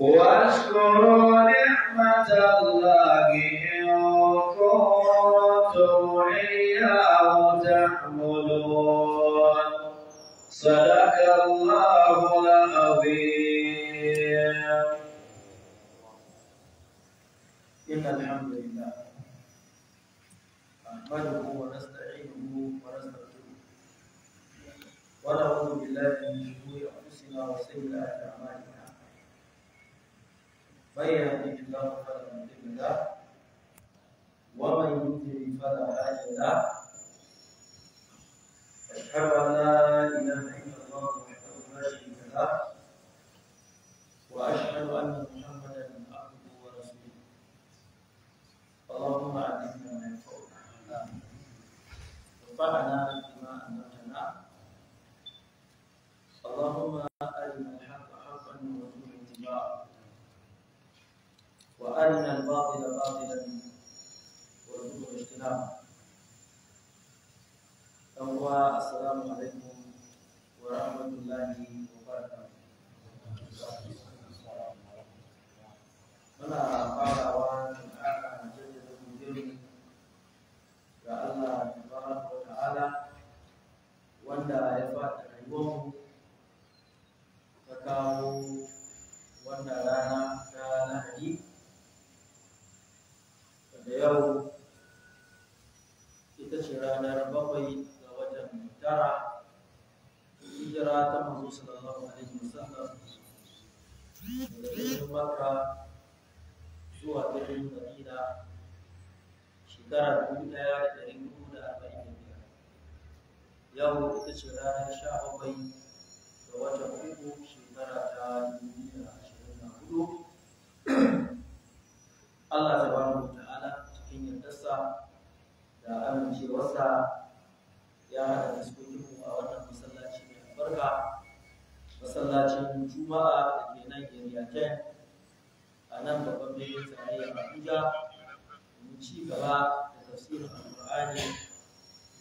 واشكروا نعمة الله إن كنتم إياه تعبدون صدق الله العظيم إن الحمد لله نحمده ونستعينه ونستغفره ونعوذ بالله من شرور أنفسنا وسيئات أعمالنا من يهديه الله فلا مضل له ومن يضلل فلا هادي له أشهد أن لا إله إلا الله وحده لا شريك له وأشهد أن محمدا عبده ورسوله اللهم علمنا ما ينفعنا وانفعنا بما علمتنا اللهم وارنا الباطل باطلا وارزقنا الاجتناب فهو السلام عليكم ورحمه الله وبركاته muna farawa da ƙara jaddada godiyoyi ga Allah tabaraka wa ta'ala wanda ya fata rayuwarmu ta kawo wannan rana ta lahadi yau ita ce ranar bakwai ga watan tara hijira ta manzo sallallahu alaihi wasallam daga makka zuwa birnin madina shekara dubu ɗaya da dari hudu da arba'in da biyar yau ita ce ranar sha bakwai ga watan uku shekara ta dubu biyu da ashirin da hudu Allah ta bani sa da amincewarsa ya haɗa mu a wannan masallaci mai albarka masallacin juma'a da ke nan area 10 a nan babban birnin a abuja mu ci gaba da tafsirin alƙur'ani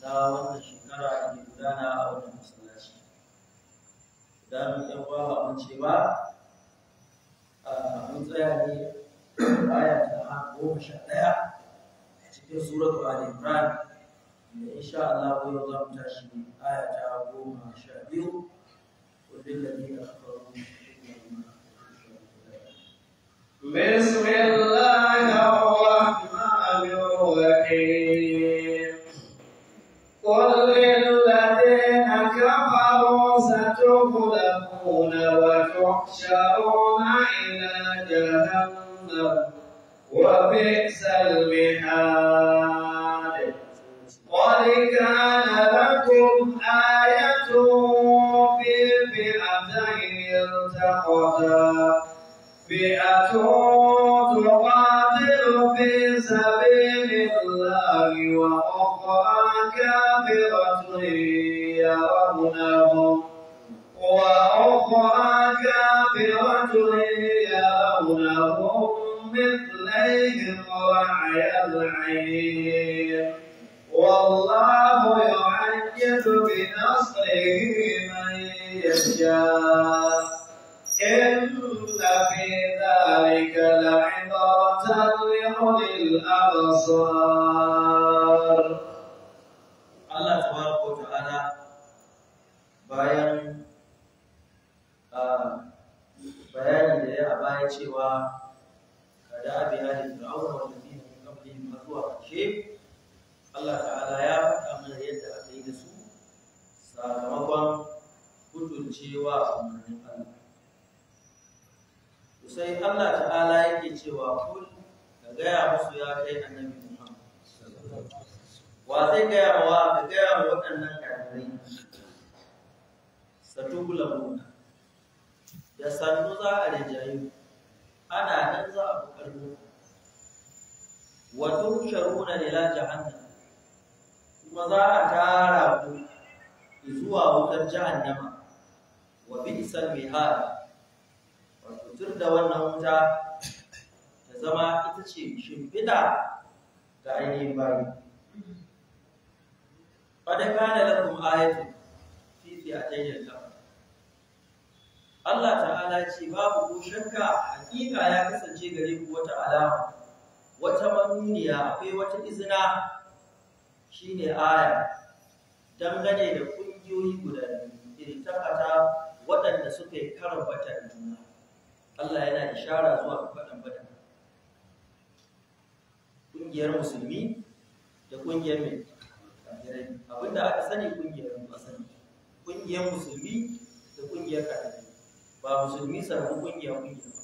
na wannan shekara da ke gudana a wannan masallaci Da yan uwa ba mun ce ba mun tsaya ne aya ta goma sha ɗaya cikin suratu Ali Imran da insha Allah من za mu tashi aya ta goma sha biyu وللذين بسم الله الرحمن الرحيم قل للذين كفروا ستغلبون وتحشرون إلى جهنم وبئس وتريونهم مثليهم رعي العين والله يعجز بنصره من يشاء sai ka gaya wa ka gaya wa waɗannan kafirai satubula muna da sannu za a rijayu ana nan za a wato wa tusharuna ila jahannam kuma za a tara ku zuwa wutar jahannama wa bi'sal mihad wato tur da wannan wuta ta zama ita ce shimfiɗa ga ainihin bayi qad kana lakum ayatun a fi'atayn Allah ta'ala ce babu ko shakka hakika ya kasance gare ku wata alama wata manuniya akwai wata izina shine aya dangane da kungiyoyi guda biyu takata waɗanda suka yi karin batan juna Allah yana ishara zuwa ga ƙungiyar musulmi da ƙungiyar mai abinda aka sani kungiyar ba sani kungiyar musulmi da kungiyar kafirai ba musulmi sarrafa kungiya kungiya ba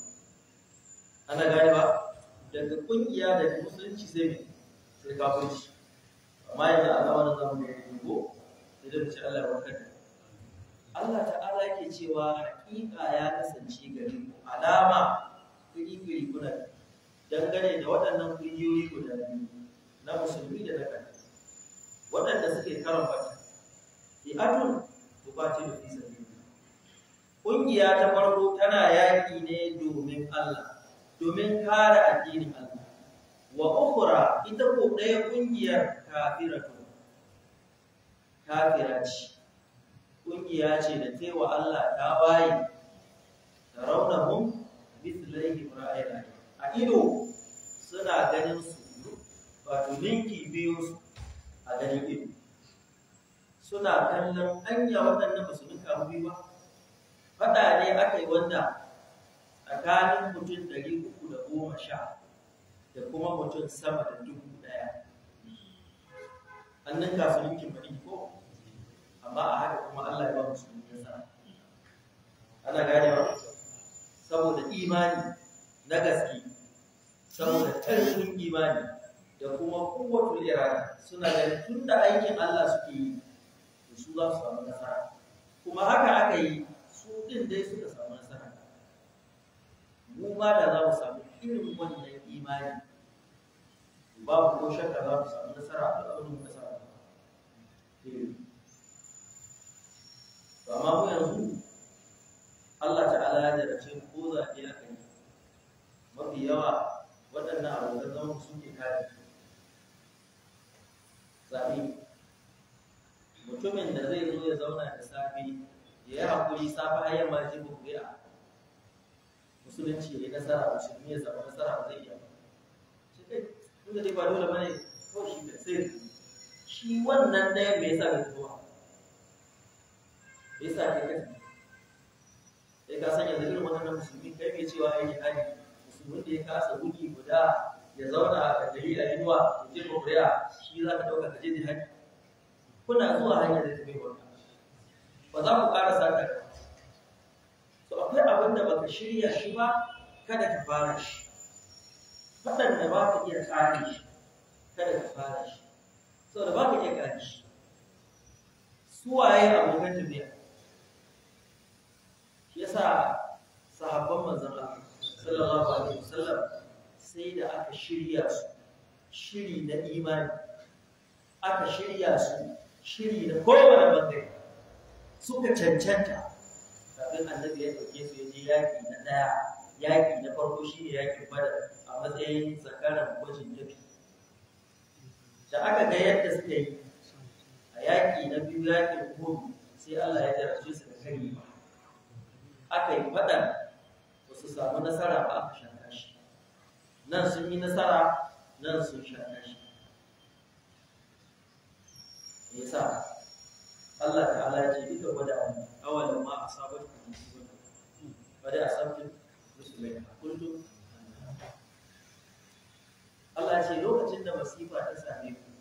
ana gane ba daga kungiya da musulunci zai ne sai amma yanzu a zamanin zamu da yanzu ko sai da mace Allah ya warkar Allah ta'ala ke cewa hakika ya kasance gari. ku alama kiri-kiri kuna dangane da waɗannan kungiyoyi guda biyu na musulmi da na kafirci waɗanda suke karan fata fi'atun tuqatilu fi sabilillah kungiya ta farko tana yaƙi ne domin Allah domin kare addinin Allah wa ukhra ita ko ɗaya kafira kafiratu kafira ce kungiya ce da taiwa Allah ta bayi da raunahum mithlaihi ra'ayi a ido suna ganin su wato ninki biyu su a ganin ido suna kallon hanya waɗannan ba su nuka wuri ba faɗa ne aka yi wanda tsakanin mutum ɗari uku da goma sha da kuma mutum sama da dubu ɗaya an ninka su ninkin bari ko amma a haka kuma Allah ya ba musulmi nasa ana gane ba saboda imani na gaske saboda tarihin imani da kuma kowatul irada suna da tun da aikin Allah suke yi to su za su samu nasara kuma haka aka yi su ɗin dai suka samu nasara mu ma da za mu samu irin wannan imani babu ko shakka za mu samu nasara a al'amuran da Ba eh. amma mu yanzu Allah ta'ala ya jarace mu ko zaɓe aka yi mafi yawa waɗannan abokan zama suke kare zaɓi mutumin da zai zo ya zauna da safi ya yi haƙuri safi har yamma ji ya musulunci ya yi nasara cikin ya zama nasara ba zai yi ba shi inda dai ba dole bane kawai shi da sai shi wannan dai me yasa ka zuwa me yasa kai kai Ya ka sanya irin wannan musulmi kai mai cewa ya yi hali musulmin da ya kasa wuri guda ya zauna a gari a yiwa ya ce ba kuri'a shi za ka ɗauka ka je jihadi kuna zuwa hanyar da ta bai wata ba za ku ƙara sa ka to akwai abin da baka shirya shi ba kada ka fara shi waɗanda ba ka iya tsari shi kada ka fara shi da ba ka iya ƙari shi suwaye abokan tafiya shi yasa sahabban manzon Allah sallallahu alaihi wasallam sai da aka shirya su shiri na imani aka shirya su shiri na kowane bangare suka cancanta kafin annabi ya ɗauke su yaje na ɗaya yaƙi na farko shi ne yaƙin bada a matsayin tsakanin gwajin dafi da aka ga yadda suka yi a yaƙi na biyu yaƙin hudu sai Allah ya jarabce su da kari aka yi faɗan ba su samu nasara ba a shan nan sun yi nasara nan sun sha nashi me yasa Allah ta ya ce duka gwada awalan ma a sabon kuma wadda a sabon musulmai a kuntum Allah ce lokacin da masifa ta same ku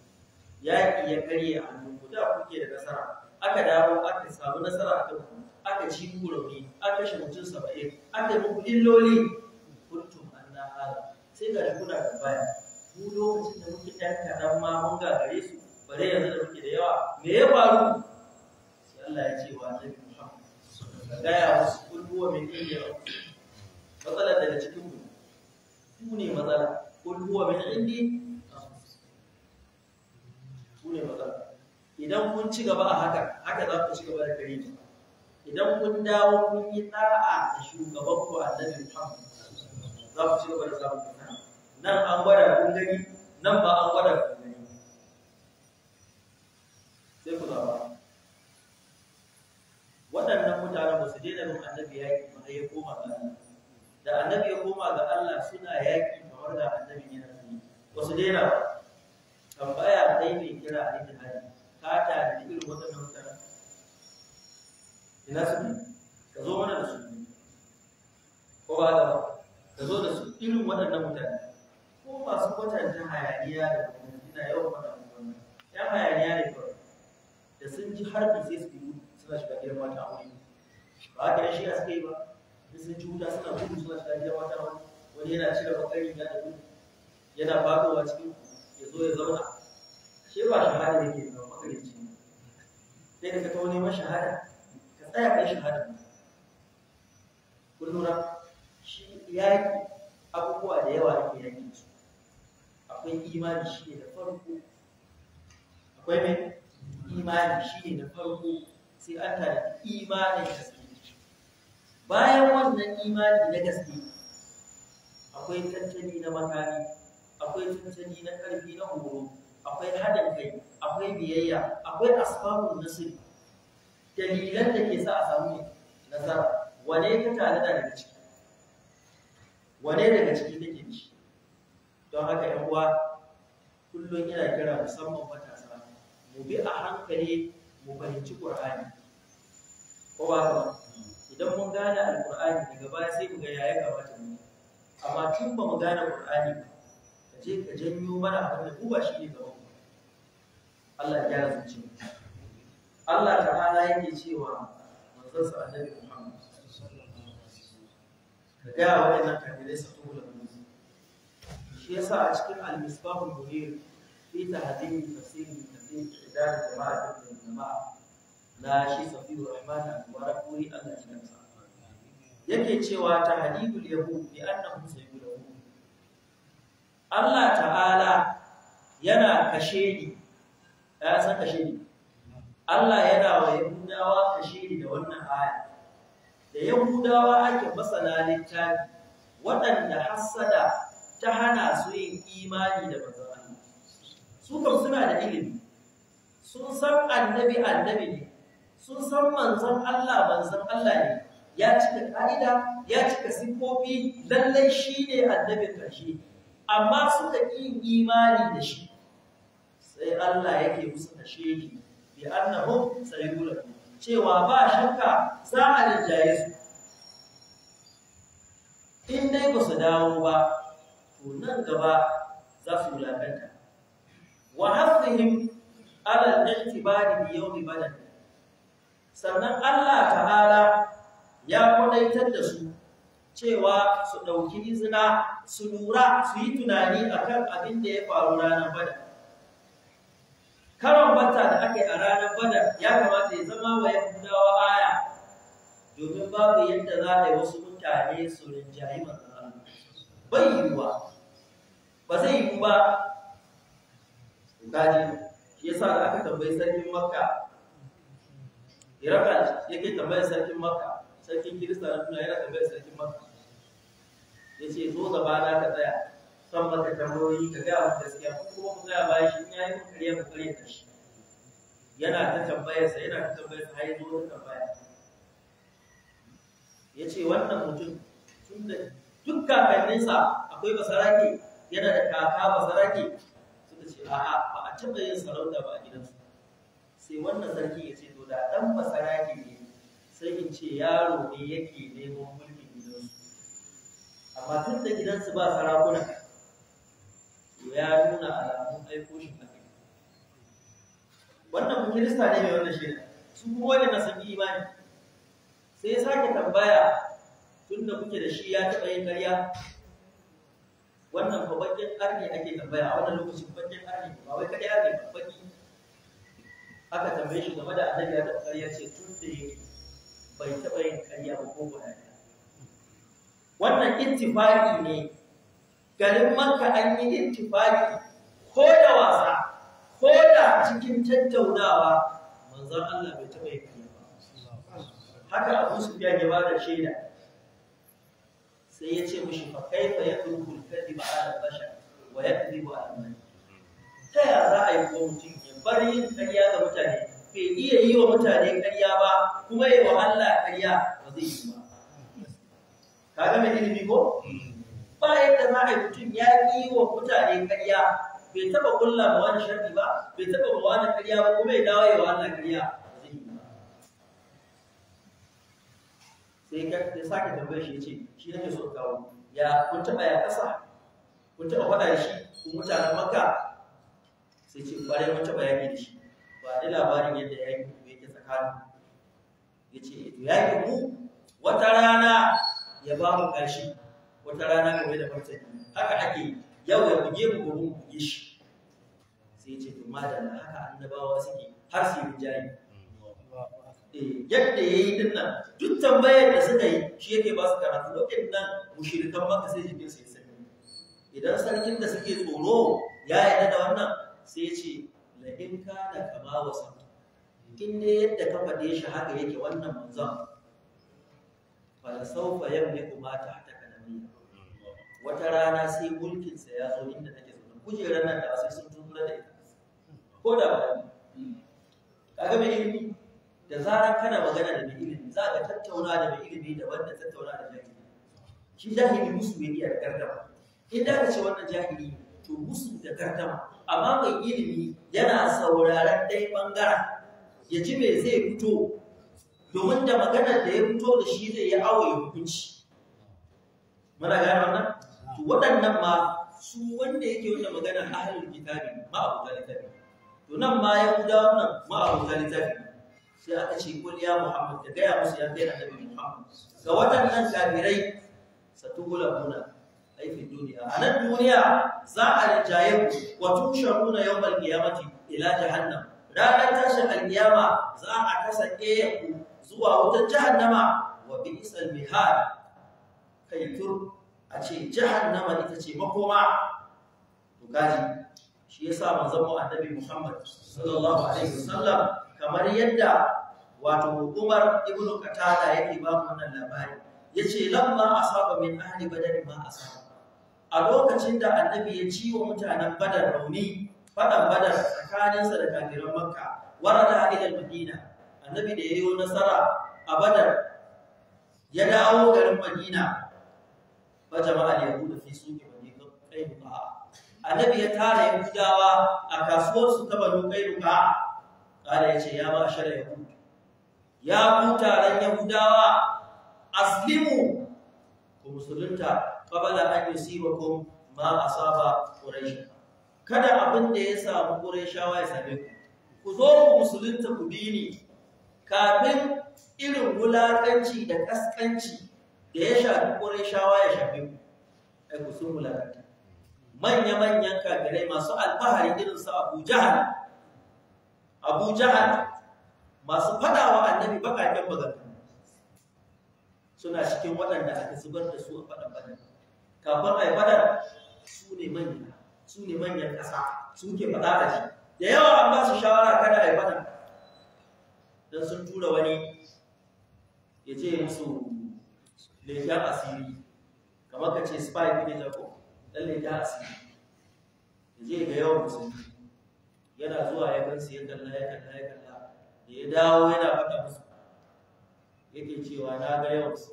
ya yi ya karye a ku, da kuke da nasara aka dawo aka samu nasara a kanku aka ci ku rauni aka shi mutum saba'in aka yi muku illoli sai ga kuna baya, mu lokacin da muke ɗan kaɗan ma mun gagare su bare yanzu da muke da yawa me ya faru sai Allah ya ce wa annabi ka gaya musu kul huwa min indi matsala daga cikin ku ku ne matsala kul huwa min indi ku ne matsala idan kun ci gaba a haka haka za ku ci gaba da kare idan kun dawo kun yi tsara da shugaban ku annabi Muhammad za ku ci gaba da samun nan nan an gwada kun gani nan ba an gwada kun gani sai ku zaba waɗannan mutanen ba su daina bin annabi yaƙi ba ya koma ga Allah da annabi ya koma ga Allah suna yaƙi kamar da annabi yana yi ba su daina ba tambaya dai mai kira a yi jihadi ka ta da irin waɗannan mutanen ina su ne ka zo mana da su ko ba da ba ka zo da su irin waɗannan mutane ko masu kwatanta hayaniya da gwamnati na yawan faɗa gwamnati ya hayaniya ne kawai da sun ji da sai su gudu suna shiga gidan mata a wuri ba haka shi a suka yi ba Da sun ji wuta suna gudu suna shiga gidan mata a wuri wani yana cire bakari na da gudu yana fadowa cikin ya zo ya zauna shi ba shahada yake ke ba bakari ce sai da ka tawo neman shahada ka tsaya kai shahada lura Yaki abubuwa da yawa ake yaƙi su akwai imani shi ne da farko akwai mai imani shi ne da farko sai an tare imanin gaske bayan wannan imani na gaske akwai tattali na makami akwai tattali na ƙarfi na horo akwai haɗin kai akwai biyayya akwai asbabun nasiri dalilan da ke sa a samu nasara wane ka tare da daga ciki wane daga cikin kake da shi don haka yan uwa kullum yana kira musamman matasa mu bi a hankali mu fahimci qur'ani ko ba ka idan mun gane alqur'ani daga baya sai mu ga ya kamata mu amma tun ba mu gane qur'ani ba ka je ka janyo mana abin da ku ba shi ne gaban Allah ya gyara zuciya Allah ta'ala yake cewa manzon sa annabi Muhammad ka gaya wa yana kafirai sa tuhu da musu shi ya sa a cikin al-misbahul munir fi tahdhib tafsir tafsir idar jama'a da jama'a la shi safiur rahman al-mubarak wuri Allah ya gamsa yake cewa ta tahdidul yahud bi annahum sayyidu Allah ta'ala yana kashe ni ya san kashe ni Allah yana wa yahudawa kashe ni da wannan aya da Yahudawa ake masana littafi waɗanda hassada ta hana su yin imani da manzon Allah. Su kan suna da ilimi, sun san annabi annabi ne, sun san manzon Allah manzon Allah ne, ya cika ƙa'ida, ya cika siffofi, lallai shi ne annabin ƙarshe, amma suka ƙi imani da shi. Sai Allah yake musu kashe shi, bi annahum sayyulatu cewa ba shakka za a rinjaye su in dai ba su dawo ba to nan gaba za su wulakanta wa hafihim ala al bi yawmi badal sannan Allah ta'ala ya kwadaitar da su cewa su ɗauki izina su lura su yi tunani akan abin da ya faru ranar badal karon wata da ake a ranar badar ya kamata ya zama wa yahudawa aya domin babu yadda za a yi wasu mutane su rinjayi masu hannu. bai yiwuwa ba zai yiwu ba gani ya yasa da aka tambayi sarkin makka iraka ke tambayi sarkin makka sarkin kirista na duniya yana tambayi sarkin makka ya ce zo gaba na ka tsaya son maka tambayoyi ka gaya maka gaskiya ko kuma ku gaya ba shi in ya yi kariya ka kare ka shi yana ta tambayarsa yana ta tambayarsa har yanzu wani tambaya ya ce wannan mutum tun da duk kakanninsa akwai basarake yana da kaka basarake suka ce a'a ba a taɓa yin sarauta ba a gidansu sai wannan sarki ya ce to da ɗan basarake ne sai in ce yaro ne yake neman mulkin gidansu amma tun da gidansu ba sarakuna to ya nuna alamun aiko shi a kai wannan kirista ne mai wannan ne su kuma wanda sun yi imani sai ya sake tambaya tun da kuke da shi ya taɓa yin ƙarya wannan fa bakin ƙarni ake tambaya a wannan lokacin bakin ƙarni ba wai kada ake ba baki aka tambaye shi game da annabi ya taɓa ƙarya ce tun da yake bai taɓa yin ƙarya ba ko guda wannan ittifaqi ne garin maka an yi intifaki ko da wasa ko da cikin tattaunawa manzon Allah bai taɓa yi haka abu su biya ya bada shaida sai ya ce mishi fa kaifa yadrubul kadhiba ala bashar wa yakdhibu a man ta ya za a yi ko mutum ya bar yin karya ga mutane bai iya yi wa mutane karya ba kuma yi wa Allah karya ba zai yi ba Ka mai ilimi ko ba yadda za a yi mutum ya yi wa mutane karya bai taba kulla ma wani shafi ba bai taba ma wani karya ba kuma ya dawo ya wani karya sai ka sake tambayar shi ce shi yake so kawo ya kun taba ya kasa kun taba faɗa shi kun mutanen maka sai ce kwarai kun taba yaƙi da shi ba da labarin yadda yaƙi ku yake tsakanin ya ce yaƙi mu wata rana ya ba mu ƙarshe wata rana ka mai da martani haka ake yau ya buge mu gobe mu buge shi sai ce to madalla haka annabawa suke har su yi jayi eh, yadda ya yi din duk tambayar da suka yi shi yake ba su karatu lokacin nan mushirikan maka sai jikin su yi sani idan sarkin da suke tsoro ya yarda da wannan sai ce la in kana kama wasu in ne yadda ka faɗe shi haka yake wannan manzon yau ne kuma ta hata kalamiyya wata rana sai mulkinsa ya zo inda take zaune kujerar nan da wasu sun kula da ita ko da ba kaga mai ilimi da zarar kana magana da mai ilimi za ka tattauna da mai ilimi daban da tattauna da jahili shi jahili musu ne da gardama in da ka ce wannan jahili to musu da gardama amma mai ilimi yana sauraron ɗaya ɓangaren ya ji me zai fito domin da maganar da ya fito da shi zai yi awaye hukunci muna gane wannan to waɗannan ma su wanda yake wannan magana ahlul kitabi ma abu littafi to nan ma ya guda wannan ma abu littafi sai aka ce kul ya muhammad ka gaya musu ya kai annabi muhammad ga waɗannan kafirai satugulabuna ai fi duniya a nan duniya za a rijaye ku wa tusharuna yawmal qiyamati ila jahannam ranar tashin alkiyama za a kasa ku zuwa wutar jahannama wa bi'sal mihad kai tur a ce jahannama ita ce makoma to gaji shi yasa manzon annabi Muhammad sallallahu alaihi wasallam kamar yadda wato Umar ibn Qatada yake ba mu wannan labari yace lamma asaba min ahli badar ma asaba a lokacin da annabi ya ciwo mutanen badar rauni fadan badar tsakaninsa da kafiran makka warada ila madina annabi da yayi nasara a badar ya dawo garin madina fajama al da fi kai bani qaynuqa annabi ya tara yahudawa a kasuwar su ta bani qaynuqa kada yace ya ba shara yahud ya ku taron yahudawa aslimu ku musulunta qabala an yusibakum ma asaba quraish kada abin da ya samu qurayshawa ya same ku ku zo ku musulunta ku bini kafin irin wulakanci da kaskanci da ya shafi ƙorai shawa ya shafi ku ai ku sun wulakanta manya-manyan kafirai masu alfahari irin su abu jahal abu jahal masu fadawa annabi bakaken magana suna cikin waɗanda aka zubar da su a faɗan faɗan kafin a yi su ne manya su ne manyan ƙasa su ke faɗa a shi da yawa an ba su shawara kada a yi faɗan don sun tura wani ya ce musu Leja asiri kamar ka ce spy ne da ko dan leja asiri je ga yawan musulmi yana zuwa ya gansu ya kalla ya kalla ya kalla da ya dawo yana faɗa musu yake cewa na ga yawan su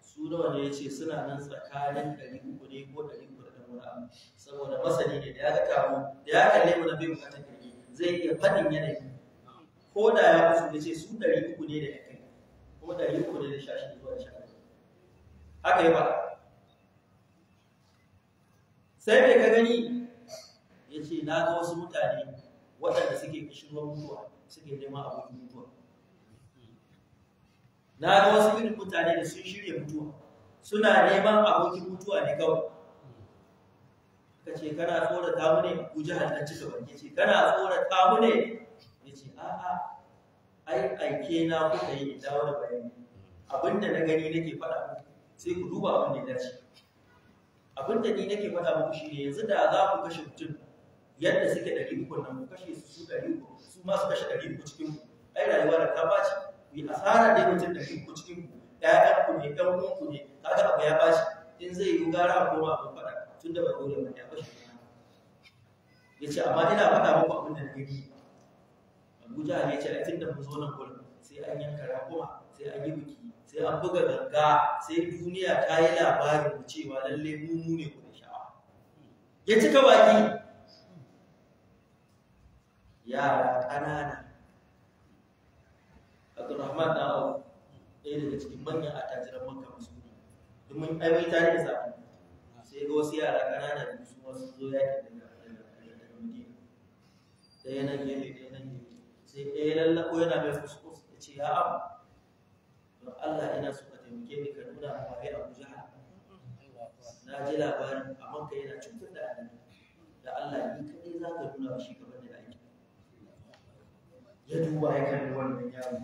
su nawa ya ce suna nan tsakanin ɗari uku ne ko ɗari uku da ɗan wani saboda masani ne da ya ga mu da ya kalle mu na bai bukatar kirki zai iya faɗin yanayi ko da ya musu ya ce su ɗari uku ne da ya kai ko ɗari uku ne da sha shi zuwa sha haka yi ba sai mai ka gani ya ce na ga wasu mutane waɗanda suke kashirwar mutuwa suke neman abokin mutuwa na ga wasu irin mutane da sun shirya mutuwa suna neman abokin mutuwa ne kawai ka ce kana tsorata mu ne ku halarci hannun cika banke ce kana tsorata mu ne ya ce a'a ai aike na kuka yi da wani bayani abinda na gani nake faɗa muku sai ku duba abin da ya dace abin da ni nake faɗa muku shi ne yanzu da za ku kashe mutum yadda suke ɗari uku nan ku kashe su su ɗari uku su ma su kashe ɗari uku cikin ku ai rayuwa da ta baci ku yi asara da mutum ɗari uku cikin ku ɗayan ku ne ɗan uwan ku ne kaga abu ya baci in zai yi gara a koma abin faɗa tun da ba dole ba ya kashe ya ce amma ina faɗa muku abin da na gani abuja ne ce a tun da mun zo nan gurin sai an yanka rakuma sai an yi biki sai an buga ganga sai duniya ta yi labarin cewa lalle mu mu ne kuma sha'awa ya cika baki yara ƙanana rahman na abu ɗaya daga cikin manyan attajiran makka masu domin ai ta da zaɓen sai ga wasu yara ƙanana da su wasu zo yakin da ɗaya nan gefe ɗaya nan gefe sai ɗaya lallaɓo yana mai fuskus ya ce ya abu don Allah ina so ka taimake ni ka nuna a waye Abu Jahal na ji labarin a Makka yana cutar da annabi da Allah ni kai za ka nuna shi ka bani da aiki ya duba ya kalli wannan yaro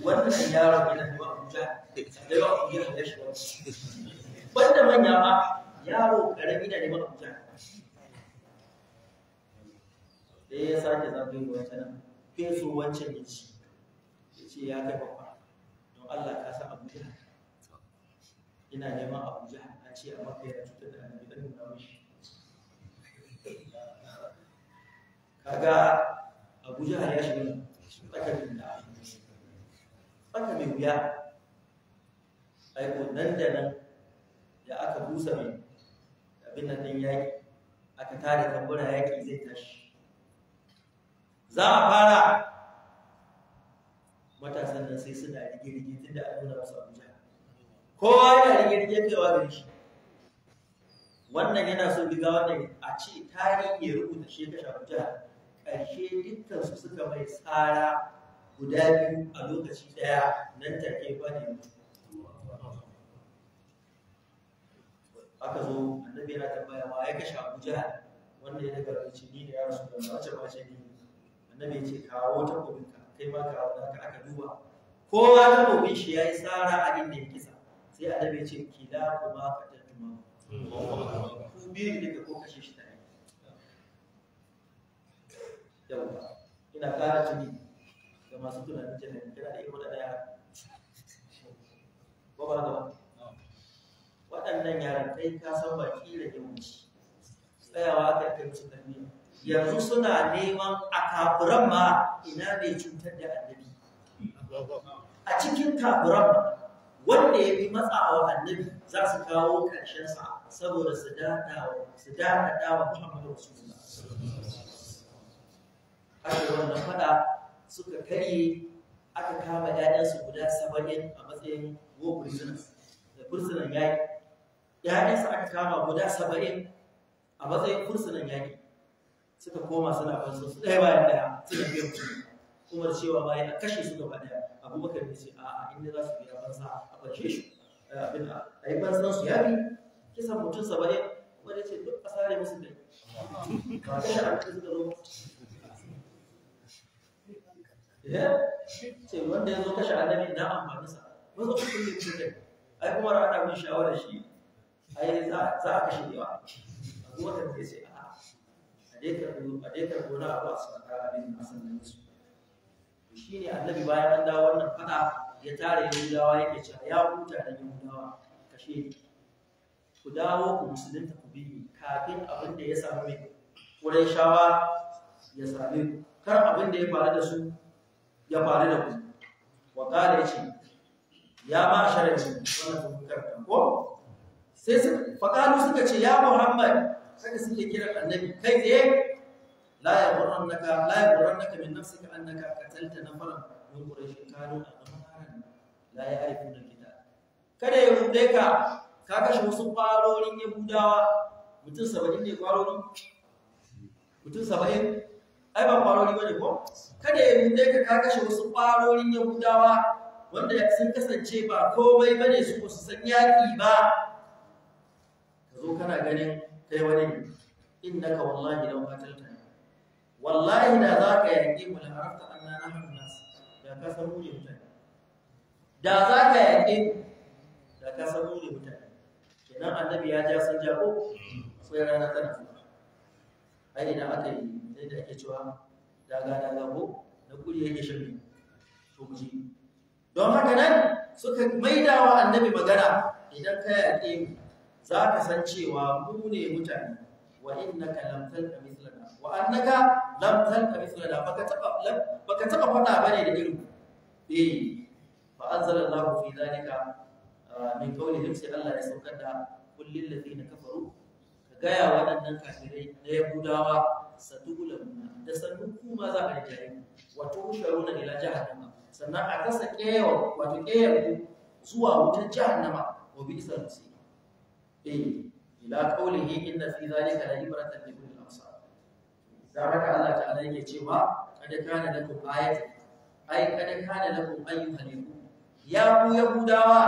wannan yaro yana da Abu Jahal da ya yi Jahal da shi wanda manya ma yaro karami na da Abu Jahal da ya sake zagayowa ta nan fesu wancan ya ya ce ya kai babba Allah ka san Abu Jahal ina neman Abu Jahal ce a maka ya cutar da annabi dan nuna mishi kaga Abu Jahal ya shiga tsakanin da tsaka mai wuya ai ko nan da nan da aka busa mai abin nan din yaki aka tare tambura yaki zai tashi za a fara matasan nan sai suna rige-rige tunda a nuna musu abuja kowa yana rige-rige kaiwa gare shi wannan yana so diga wannan a ce tarihi ya rubuta shi kashe abuja ƙarshe dukkan su suka mai tsara guda biyu a lokaci ɗaya nan take ba ne aka zo annabi yana tambaya ma ya kashe abuja wanda ya daga rikici ni da ya rasu da mace-mace ne annabi ya ce kawo takobinka kai ka ka aka duba kowa ta kobi shi ya yi tsara a inda ya kisa sai a dabe ce kila kuma ka tattuma ku biyu ne ka ko kashe shi ta yi yawa ina kara tuni ga masu tunanin jihar kira da iko da daya ba ba ba waɗannan yaran kai ka san baki da yawanci tsayawa ka kai su tarbiyya yanzu suna neman a kafiran ma ina mai cutar da annabi a cikin kafiran wanda ya fi matsawa annabi za su kawo ƙarshensa saboda su dakata wa muhammadu rasulullah ake wannan fada suka karye aka kama ‘ya'yansu guda saba'in a matsayin war prisoners da fursunan yaƙi ‘ya'yansu aka kama guda saba'in a matsayin prisoners yaƙi suka koma suna kwanso su ɗaya bayan ɗaya suka biya kuɗi kuma cewa bayan a kashe su gaba ɗaya maka ya ce a'a inda za su biya fansa a ɓace shi eh, abin a yi fansan su ya kisan mutum saba'in wanda ce duk a sare musu da ba ta da ce wanda ya zo kashe annabi na amfani ne ana shawarar shi ai za a kashe a je karɓo a je karɓo na abu a sadaka abin masallaci su shi ne annabi bayan an dawo wannan fada ya tare yahudawa yake cewa ya huta da yahudawa kashe ku dawo ku musulunta ku bi kafin abin da ya samu mai wurin shawa ya same ku kar abin da ya faru da su ya faru da ku wa kare ce ya ma sharaci wannan kun karɓa ko sai su fakalu suka ce ya muhammad sai suke kiran annabi kai tsaye la ya naka, la ya yagurrannaka min ka annaka qatalta nafaran min quraish kanu anfaran la ya na gida? kada ya rude ka ka kashe wasu kwarorin yahudawa mutum saba'in ne kwarorin mutum saba'in? ai ba ba ne ko kada ya rude ka ka kashe wasu ya yahudawa wanda sun kasance ba komai ne su kusa san yaki ba ka zo kana ganin sai wani innaka wallahi don law qatalta wallahi da za ka yaƙe mu la arafta anna nahnu nas da ka san ne mutane da za ka yaƙe da ka san mu ne mutane kenan annabi ya ja sun jago akwai rana tana zuwa ai idan aka yi zai da ake cewa daga daga ko na kuri yake shirme to mu ji don haka nan suka maidawa annabi magana idan ka yaƙe mu za ka san cewa mu ne mutane wa ka lam talqa mithlana wa annaka lamtar talqa mithlana baka taba baka taba fada ne da irin eh za ku fi zalika ah, mai qawlihim sai Allah ya saukar da lafi na kafaru ka gaya waɗannan kafirai na yahudawa satugulun da sannu kuma za a rijaye wato na ila jahannama sannan a kasa kewa wato kewa zuwa wutar jahannama wa bi'sal masir eh ila qawlihi inna fi zalika la ibratan li kulli absar dan haka Allah ta'ala yake cewa kada kana lakum ayatu ai kada kana lakum ayyuhal yahud ya ku gudawa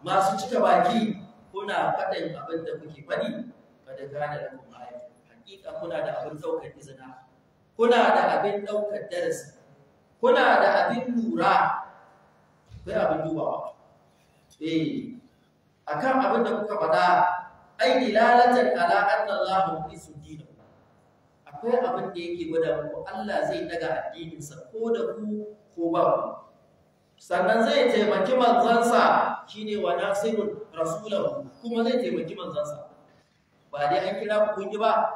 masu cika baki kuna faɗin abin kuke faɗi kada kana lakum ayatu hakika kuna da abin daukar izina kuna da abin daukar darasi kuna da abin lura kai abin akan abin da kuka faɗa ai dilalatan ala za Allah mukhlisun dinu akwai abin da yake gwada muku Allah zai daga addinin sa ko da ku ko ba sannan zai taimaki manzansa shine wa nasirun rasulahu kuma zai taimaki manzansa ba dai an kira ku kun yi ba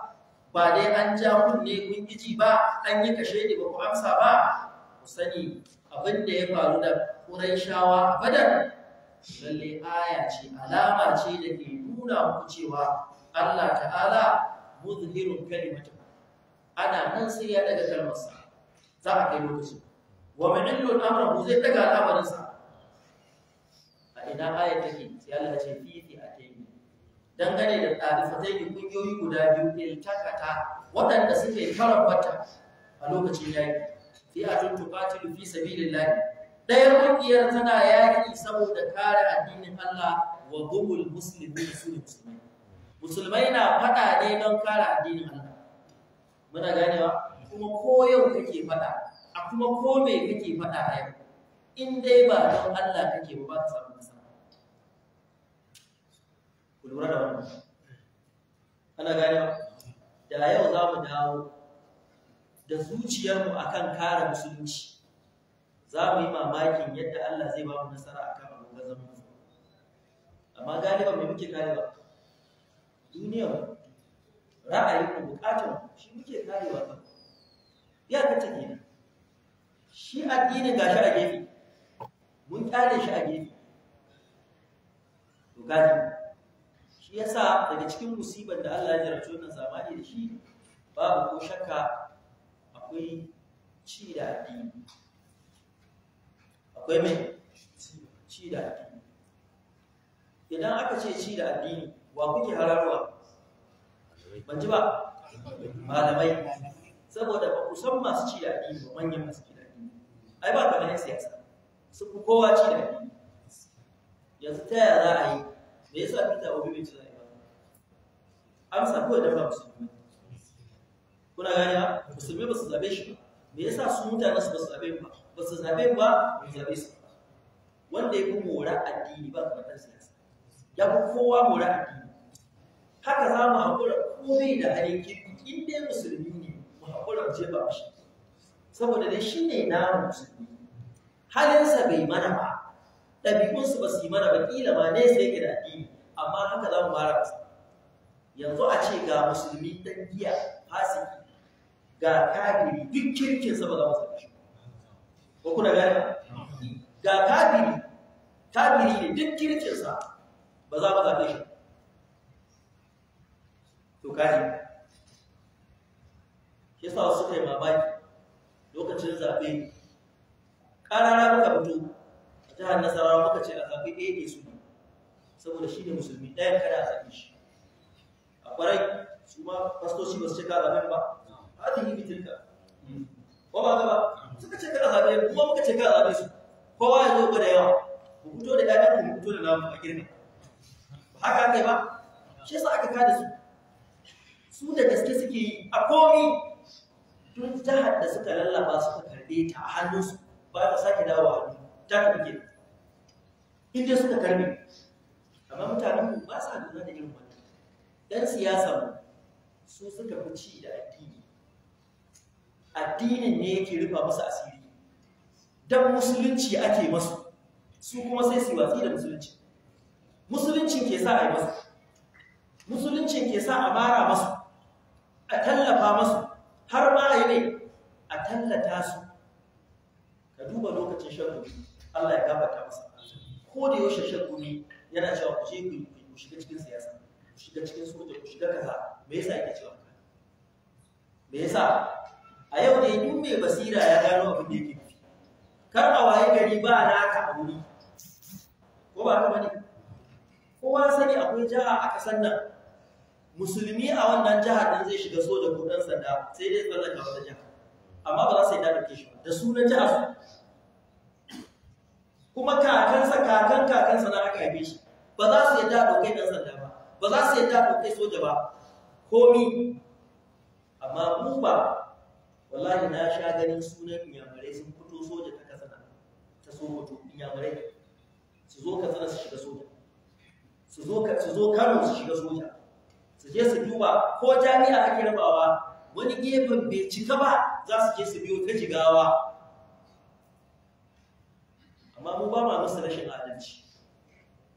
ba dai an ja ne kun ji ba an yi kashe ne ba ku amsa ba ku sani abin da ya faru da Quraishawa a Badar lalle aya ce alama ce da ke nuna muku cewa Allah ta'ala muzhirun kalimatu ana nan sai ya daga kalmarsa za a kai lokaci wa ma'illu amrahu zai daga sa a ina aya take sai Allah ya ce fi fi atayni gane da ɗalifatai da kungiyoyi guda biyu ne takata waɗanda suke karabata a lokacin yayi fi a tun tuƙatilu fi sabilillahi ɗaya ƙungiyar tana yaƙi saboda kare addinin Allah wa dhumul muslimin su musulmai musulmai na fada ne don kare addinin Allah muna ganewa kuma ko yau kake fada a kuma ko me kake fada a yau in dai ba don Allah kake ba ba ka samu nasara ku lura da wannan ana ganewa da yau za mu dawo da zuciyarmu akan kare musulunci za mu yi mamakin yadda Allah zai ba mu nasara amma galiba mai muke karewa duniyar ra'ayin mu bukatun shi muke karewa ba. ya ka take ne shi addinin shi a gefe mun kyale shi a gefe to gani shi yasa daga cikin musibar da Allah ya jarabta wannan zamani da shi babu ko shakka akwai ci da addini akwai mai ci da addini idan aka ce ci da addini wa kuke hararwa ban ji ba malamai saboda ba ku san masu ci da addini ba manyan masu ci da addini ai ba kamar yin siyasa su ku kowa ci da addini yanzu ta yaya za a yi me yasa peter obi bai ci za a yi ba amsa kuwa da ba musulmi kuna gani ba musulmi ba su zabe shi ba me yasa su mutane su ba su zabe ba ba su zabe ba zabe su wanda ya fi mora addini ba kamar yan siyasa ya fi kowa mora addini haka za mu haƙura komai da halin kirki in dai musulmi ne mu haƙura mu jefa shi saboda dai shi ne na musulmi halinsa bai mana ba ɗabi'unsu ba su yi mana ba ƙila ma ne sai ke da addini amma haka za mu mara musu yanzu a ce ga musulmi ɗan giya fasiki ga kafiri duk sa ba za mu sami shi ba kuna gani ga kafiri kafiri ne duk sa ba za ba zaɓe shi to kai shi sa wasu kai yi lokacin zaɓe ƙarara muka fito a jihar nasarawa muka ce a zaɓe ɗaya ne su saboda shi ne musulmi ɗayan kada a zaɓe shi a ƙwarai su ma fastoci ba su ce ka zaɓen ba ba ta yi fitilka. ko ba gaba suka ce ka zaɓe kuma muka ce ka zaɓe su kowa ya zo da yawa ku fito da ɗayan ku fito da namu a girma ba haka kai ba shi yasa aka kada su su da gaske suke yi a komi Tun jihar da suka lallaba suka karbe ta a hannunsu ba ta sake dawowa hannu ta karbe ke inda suka karbe amma mutanen mu ba sa nuna da irin wannan dan siyasa mu su suka fi ci da addini addinin ne yake rufa musu asiri dan musulunci ake masu su kuma sai su watsi da musulunci musulunci ke sa a yi masu musulunci ke sa a mara masu a tallafa masu har ma yi ne a tallata su ka duba lokacin shagumi Allah ya gabata masa ko da yaushe shagumi yana cewa ku je ku shiga cikin siyasa ku shiga cikin soja ku shiga kaza me yasa yake cewa me yasa a yau ne yi mai basira ya gano abin da yake nufi kar a waye gari ba ka a wuri ko ba ka bane kowa sani akwai jiha a sannan nan musulmi a wannan jiha din zai shiga soja ko ɗan sanda sai dai tsallaka wata jiha amma ba za su yi da shi ba da sunan jiha su kuma kakansa kakan kakansa na aka yi shi ba za su yadda dokai ɗan sanda ba ba za su yadda dokai soja ba komi amma mu ba wallahi na sha ganin sunan inyamurai sun fito soja ta kasana ta so sokoto inyamurai su zo kasana su shiga soja su zo kano su shiga soja su je su duba ko jami'a ake rabawa wani gefen bai cika ba za su je su biyo ta jigawa amma mu ba ma musu rashin adalci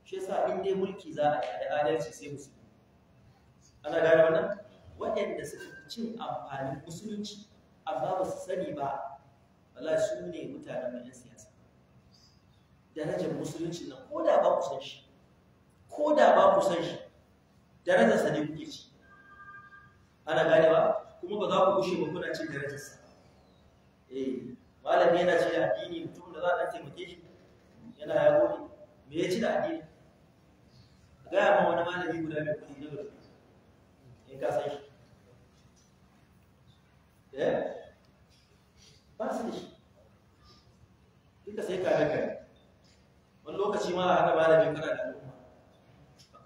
shi yasa in dai mulki za a yi adalci sai musu ana gane wannan waɗanda suka fi cin amfanin musulunci amma ba su sani ba wala su ne mutanen mai siyasa darajar musulunci na koda da ba ku san shi ko da ba ku san shi darajarsa ne kuke ci ana gane ba kuma ba za ku gushe ba kuna cin darajarsa eh malami yana ce addini mutum da za a muke shi yana ya gode me ya ci da addini a gaya ma wani malami guda mai kuɗi na gari in ka san shi eh ba su da shi duka sai ka daga wani lokaci ma a haka malami kana da al'umma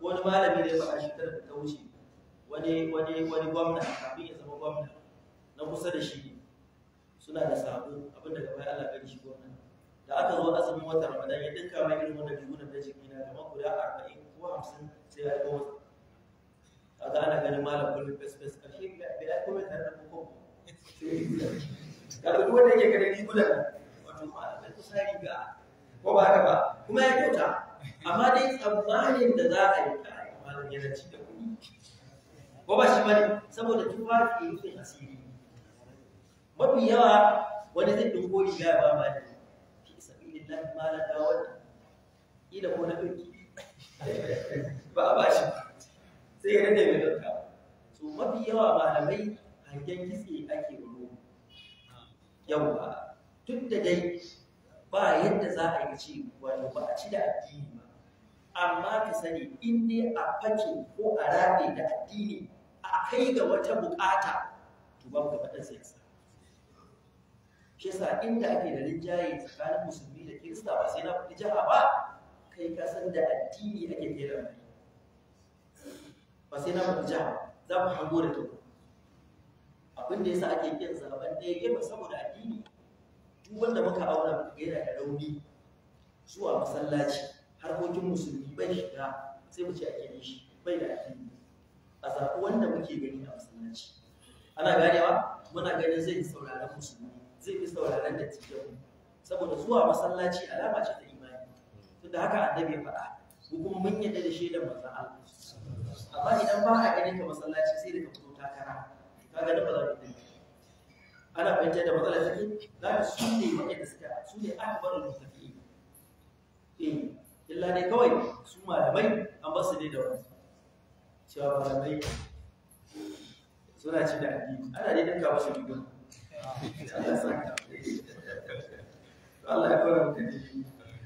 wani malami da ya faɗa shekarar da ta wuce wani wani wani gwamna kafin ya zama gwamna na kusa da shi suna da sabo abin da gaba Allah gani shi gwamna da aka zo azumi watan Ramadan ya dinka mai irin wannan rigunan da jiki na kamar guda 40 ko 50 sai ya ga wasu kaga ana ganin malam kullum fes fes karshe bai ai komai tare da kokon kaga duk wanda yake ganin rigunan wato malam kusa ga ko ba haka ba kuma ya kyauta amma dai tsammanin da za a yi kai malam yana ci da kuɗi ko ba shi bane saboda yi rufin asiri mafi yawa wani zai ɗin koli ya ba ma da fi sabilillahi malam da wannan ila ko na ɗauki ba a ba shi sai ya rage mai ɗauka so mafi yawa malamai hangen kitse ake wuro ba, duk da dai ba yadda za a yi ci wani ba a ci da addini ba amma ka sani in dai a fake ko a rame da addini a kai ga wata bukata to babu gaba sai siyasa ke sa inda ake da rinjaye tsakanin musulmi da kirista ba sai na fi jiha ba kai ka san da addini ake kera mai ba sai na fi jaha za mu hango da kyau abin da yasa ake kin zaben ɗaya gefe saboda addini duk wanda muka aura muka gaira da rauni zuwa masallaci harkokin musulmi bai shiga sai mu ce aƙidin shi bai da aƙidi a zaɓi wanda muke gani a masallaci ana ganewa muna ganin zai sauraron musulmi zai fi sauraron da mu saboda zuwa masallaci alama ce ta imani da haka annabi ya faɗa ko kuma mun yadda da shaidar manzon Allah amma idan ba a ganin ka masallaci sai da ka fito takara ka ga ba za ka dinga ana fahimtar da matsalar take za ka su ne waɗanda suka su ne akbarul mutaqin eh illa dai kawai su malamai an ba su dai da wani cewa malamai suna ci da addini ana dai dinka wasu bigon Allah ya fara mutum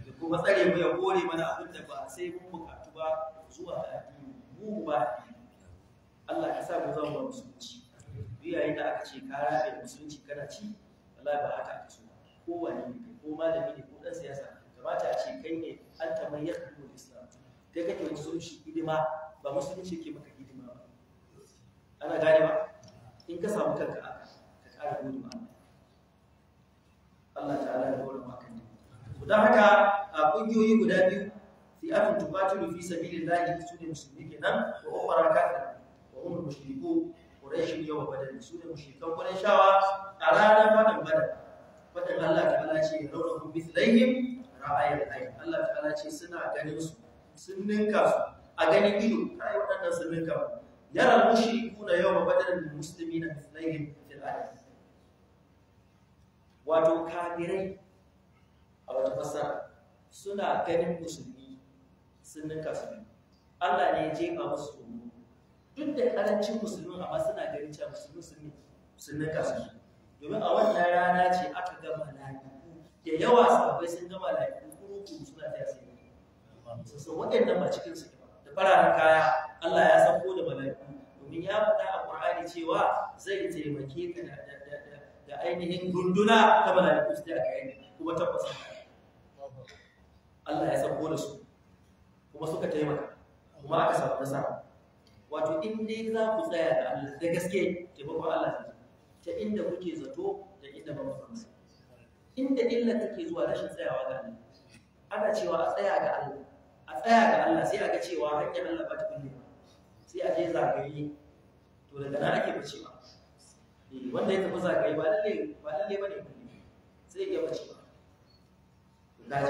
da kuma tsare mu ya kore mana abin da ba sai mun bukatu ba zuwa ga addini mu ba Allah ya sa mu zama musulunci duk yayin da aka ce ka rabe musulunci kana ci Allah ba haka ka so kowane ne ko malami ne ko dan siyasa kamata a ce kai ne an tamar ya kallo islam kai kake musulunci hidima ba musulunci ke maka hidima ba ana gane ba in ka samu kanka aka ka ƙara gudu ma Allah ta'ala ya dora maka ne don haka a ƙungiyoyi guda biyu fi afin tubatilu fi sabilillahi su ne musulmi kenan wa umara kafir wa umar mushriku Quraishin wa badar su ne mushrikan Qurayshawa a ranar fadan badar fadan Allah ta ta'ala ce raunahum mithlaihim ra'ayar ayin Allah ta'ala ce suna ganin su sun ninka su a ganin ido kai waɗannan sun ninka su yara mushrikuna yawma badal lil muslimina mithlayhim fil ayat wato kafirai a wata fasa suna ganin musulmi sun ninka su Allah ne ya jefa musu tsoro duk da karancin musulmi amma suna ganin cewa musulmi sun ninka su domin a wannan rana ce aka gama lafiya da yawa sahabbai sun ga mala'iku kuku suna taya su yi sun waɗannan ba cikin su da fararen kaya Allah ya ko da mala'iku domin ya faɗa a Qur'ani cewa zai taimake ka da da ainihin runduna ta mala'iku su da ainihin kuma tabbas Allah ya ko da su kuma suka taimaka kuma aka samu nasara wato in dai za ku tsaya da Allah da gaske taimakon Allah ta inda kuke zato da inda ba ku tsammani inda illa take zuwa rashin tsayawa ga Allah ana cewa a tsaya ga Allah a tsaya ga Allah sai a ga cewa hanyar Allah ba ta kulle ba sai a je zagaye to daga nan ake ba eh, wanda ya tafi zagaye ba lalle ba lalle bane kulle sai ya ba da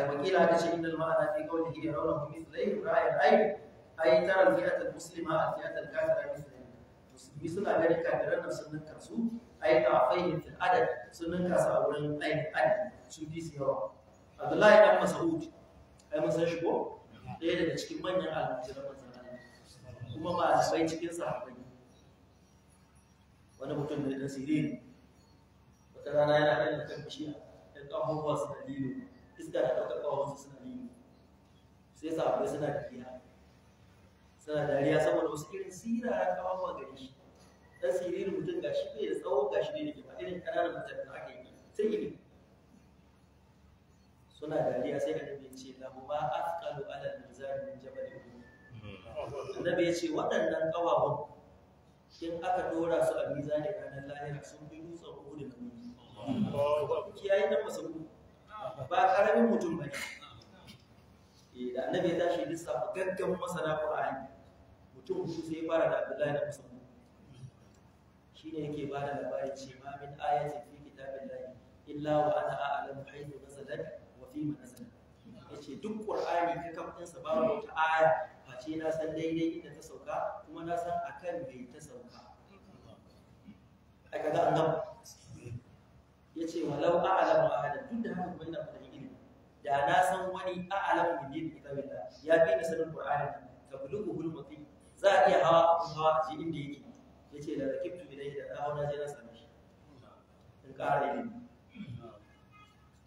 ji wakila ta ce innal ma'ana fi qawlihi yarawnahu mithlayhi ra'ayil ayb ay tara al-fi'ata al-muslima a fiata al-kafira mithlayhi musulmi suna ganin kafiran nan sun ninka su ai da'afai fil adad sun ninka su a wurin ainihin adad sun fi su yawa abdullahi dan mas'ud ai mun san shi ko ɗaya daga cikin manyan almajiran manzon Allah kuma ba a bai cikin sahabbai wani mutum da dan sirri wata rana yana ɗan da kan bishiya ɗan ƙafafuwa suna lilo iska da ɗaukar su suna lilo sai sahabbai suna dariya suna dariya saboda wasu irin siraran ƙafafuwa gare shi dan sirrin mutum gashi bai da tsawo gashi ne ne ba irin kananan mutane da aka yi sai ne suna dariya sai annabi ya ce lahu ma afqalu ala al-mizan min jabal annabi ya ce waɗannan kawawun in aka dora su a mizanin ranar lahira sun bi dutsen uhud na mutum kiyaye nan musulmi ba karamin mutum bane eh da annabi ya tashi lissafa gaggan masana qur'ani mutum hudu sai fara da abdullahi da musulmi shine yake ba da labarin ce ma min ayatin fi kitabin kitabillahi illa wa ana a'lamu haythu nazalat wa fi ma nazalat yace duk qur'ani ka kafin sa babu wata aya face na san daidai inda ta sauka kuma na san akan me ta sauka ai kaga annabi yace walau a'lamu ahadan duk da haka kuma ina fada ilimi da na san wani a'lamu min kitabillah ya fi ni sanin qur'ani tablughul maqi za a iya hawa abun hawa a ji inda yake yace da rakibtu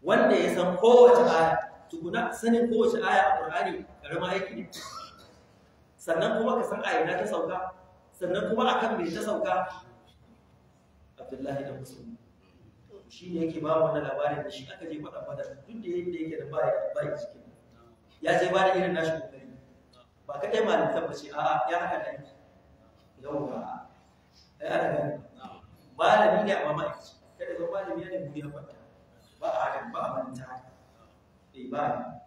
wanda ya san kowace aya tukuna sanin kowace aya a ƙur'ani ƙarama aiki ne sannan kuma ka san ayyana ta sauka sannan kuma a kan ta sauka abdullahi da musulmi shi ne yake ba wannan labarin da shi aka je faɗa faɗa duk da yadda yake da baya da baya ciki ya je ba da irin nashi kokari ba kaɗai malam tabbaci a ya haɗa da yawwa malami ne a ma'aikaci kada ba malami yana duniya kwanta ba a hakan ba a manta haka eh ba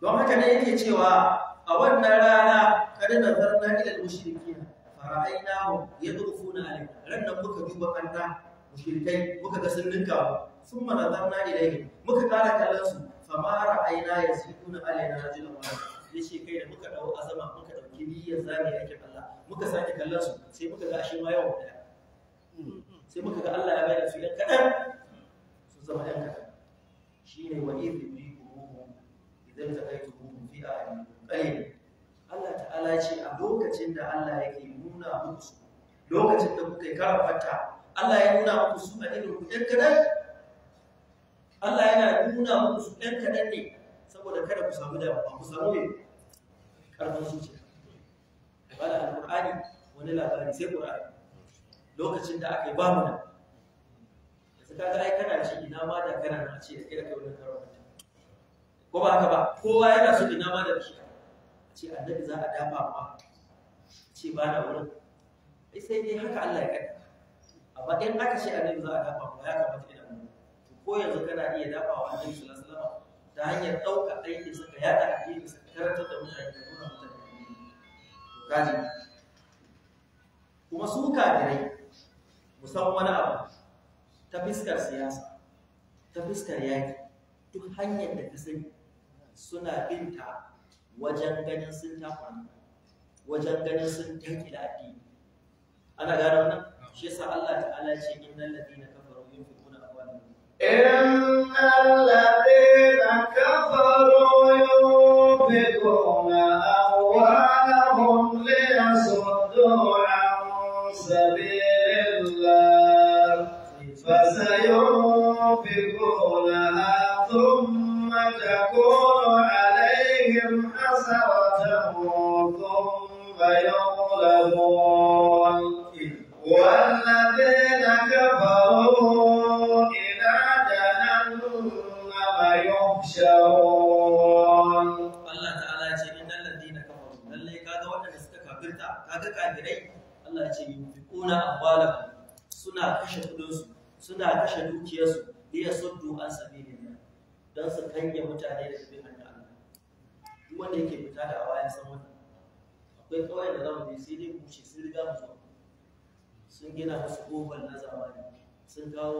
don haka ne yake cewa a wannan rana kada na zarna ila mushriki fara'ainahu yadrufuna alayka rannan muka duba anna mushrikai muka ga sun ninka thumma nazarna ilayhi muka kara kallon su fama ra'ayna yasiduna alayna rajulan wahid yace kai da muka dau azama muka dauki niyyar zamu yi aikin Allah muka sake kallon su sai muka ga shi ma yau da sai muka ga Allah ya bayar su yan kaɗan sun zama yan kaɗan shi ne wa iri bi kuruhu idan ta kai kuruhu fi a ƙalil Allah ta'ala ya ce a lokacin da Allah yake nuna muku su lokacin da kuka yi karafata Allah ya nuna muku su a irin ku yan kaɗan Allah yana nuna muku su yan kaɗan ne saboda kada ku samu da ba ku samu ne ƙarfin zuciya. Bala al-Qur'ani wani labari sai Qur'ani lokacin da aka yi ba mu da. yanzu ga ai kana ji ina ma da kana na ce da kai karo mata. ko ba haka ba kowa yana so ina ma da shi ce annabi za a dafa ma ce ba na wurin ai sai dai haka Allah ya kada amma in aka ce annabi za a dafa ma ya kamata ina mu ko yanzu kana iya dafa wa annabi sallallahu alaihi wasallam ta hanyar ɗauka aiki saka ka yada addini saka karantar da mutane da nuna mutane kaji kuma su kafirai musamman wani abu ta fiskar siyasa ta fiskar yaki duk hanyar da ka sani suna binta wajen ganin sun tafa wajen ganin sun da addini ana gano wannan shi yasa Allah ta'ala ce innal ladina kafaru yunfiquna amwalahum innal ladina kafaru yunfiquna amwalahum liyasuddu an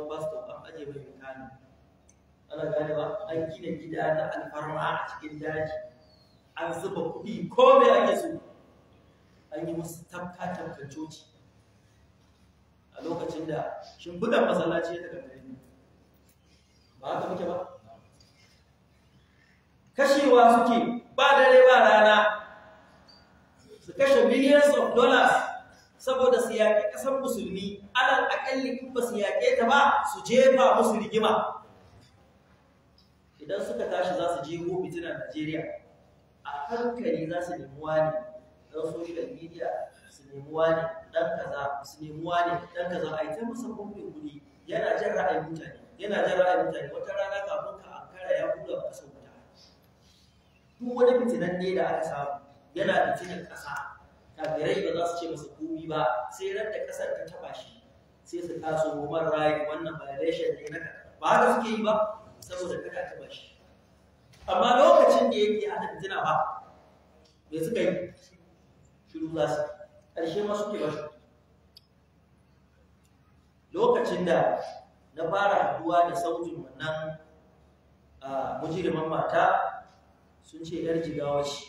kawo baston an aje mai mutane ana gane ba an gina gida na alfarma a cikin daji an zuba kuɗi ko mai ake so an yi musu tabbatar da coci a lokacin da shimfiɗar masallaci ya daga gare ba haka muke ba kashewa suke ba dare ba rana su kashe billions of dollars saboda su yaƙi ƙasar musulmi alal akalli kun ba su yaƙe ta ba su jefa musu rigima idan suka tashi za su je ko fitina Najeriya a hankali za su nemi wani ɗan social media su nemi wani ɗan kaza su nemi wani ɗan kaza a yi ta musa kumbin kuɗi yana jin ra'ayin mutane yana jan ra'ayin mutane wata rana kafin ka ankara ya kula ba ƙasar wuta duk wani fitinan ne da aka samu yana fitinan ƙasa kafirai ba za su ce masa komi ba sai ran da kasar ta taba shi sai su taso human right wannan violation ne na ba haka suke yi ba saboda kada taba shi amma lokacin da yake hada fitina ba me suka yi shiru za su ƙarshe ma suke ba shi lokacin da na fara haduwa da sautin wannan mujirman mata sun ce yar jigawa ce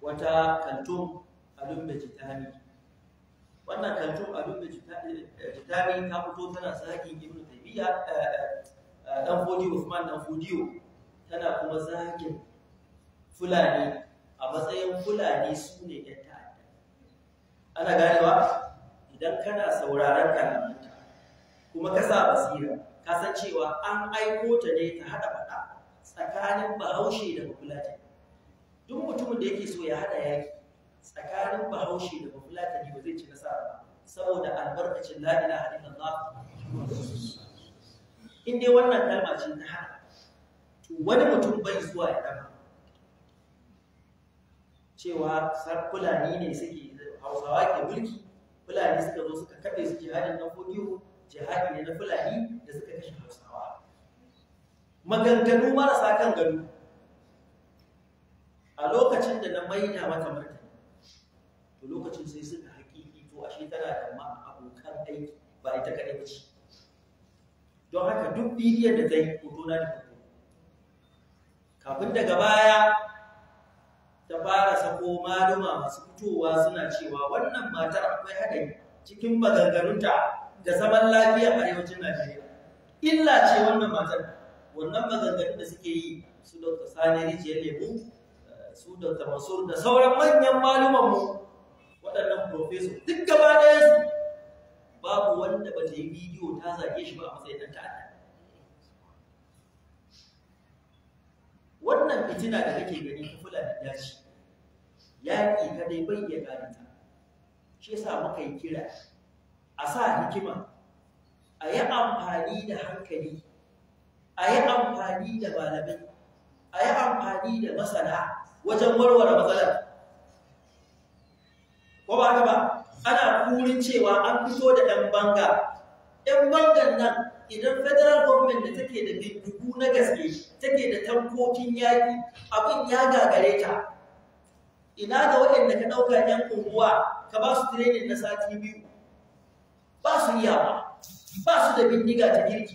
wata kantum da jitami wannan abin da jitami ta fito tana zagin ibnu taymiya eh, eh, dan fodi usman dan fodiyo tana kuma zagin fulani a matsayin fulani su ne yan ta'adda ana ganewa idan kana sauraron ta. kuma ka sa basira ka san cewa an aiko ta ne ta haɗa faɗa tsakanin bahaushe da bafulatai duk mutumin da yake so ya haɗa yaki tsakanin bahaushe da mafulatani ba zai ci nasara ba saboda albarkacin la ilaha Allah in dai wannan kalma ce ta hana to wani mutum bai zuwa ya dama cewa fulani ne suke hausawa ke mulki fulani suka zo suka kaɗe su jihadin na fodiyo jihadi ne na fulani da suka kashe hausawa maganganu marasa kan gado a lokacin da na maina mata martani to lokacin sai suka hakiki to ashe tana da ma abokan aiki ba ita kaɗai ba ce don haka duk bidiyon da zai yi hoto na da hoto kafin daga baya ta fara sako maluma masu fitowa suna cewa wannan matar akwai haɗari cikin maganganunta da zaman lafiya a arewacin najeriya illa ce wannan matar wannan maganganun da suke yi su dr sani rijiyar lemu eh, su dr masur da sauran manyan malumanmu waɗannan profesor duk gaba ɗaya su babu wanda ba ta yi bidiyo ta zage shi ba a matsayin ɗan ta'adda wannan fitina da kake gani ta da daji yaƙi kadai bai iya gane ta shi yasa muka yi kira a sa hikima a yi amfani da hankali a yi amfani da malamai a yi amfani da masana wajen warware matsalar ko ba haka ba ana kurin cewa an fito da ɗan banga ɗan bangan nan idan federal government da take da bindigu na gaske take da tankokin yaƙi abin ya gagare ta ina ga waɗanda ka ɗauka ‘yan unguwa ka ba su training na sati biyu ba su iya ba ba su da bindiga ta girki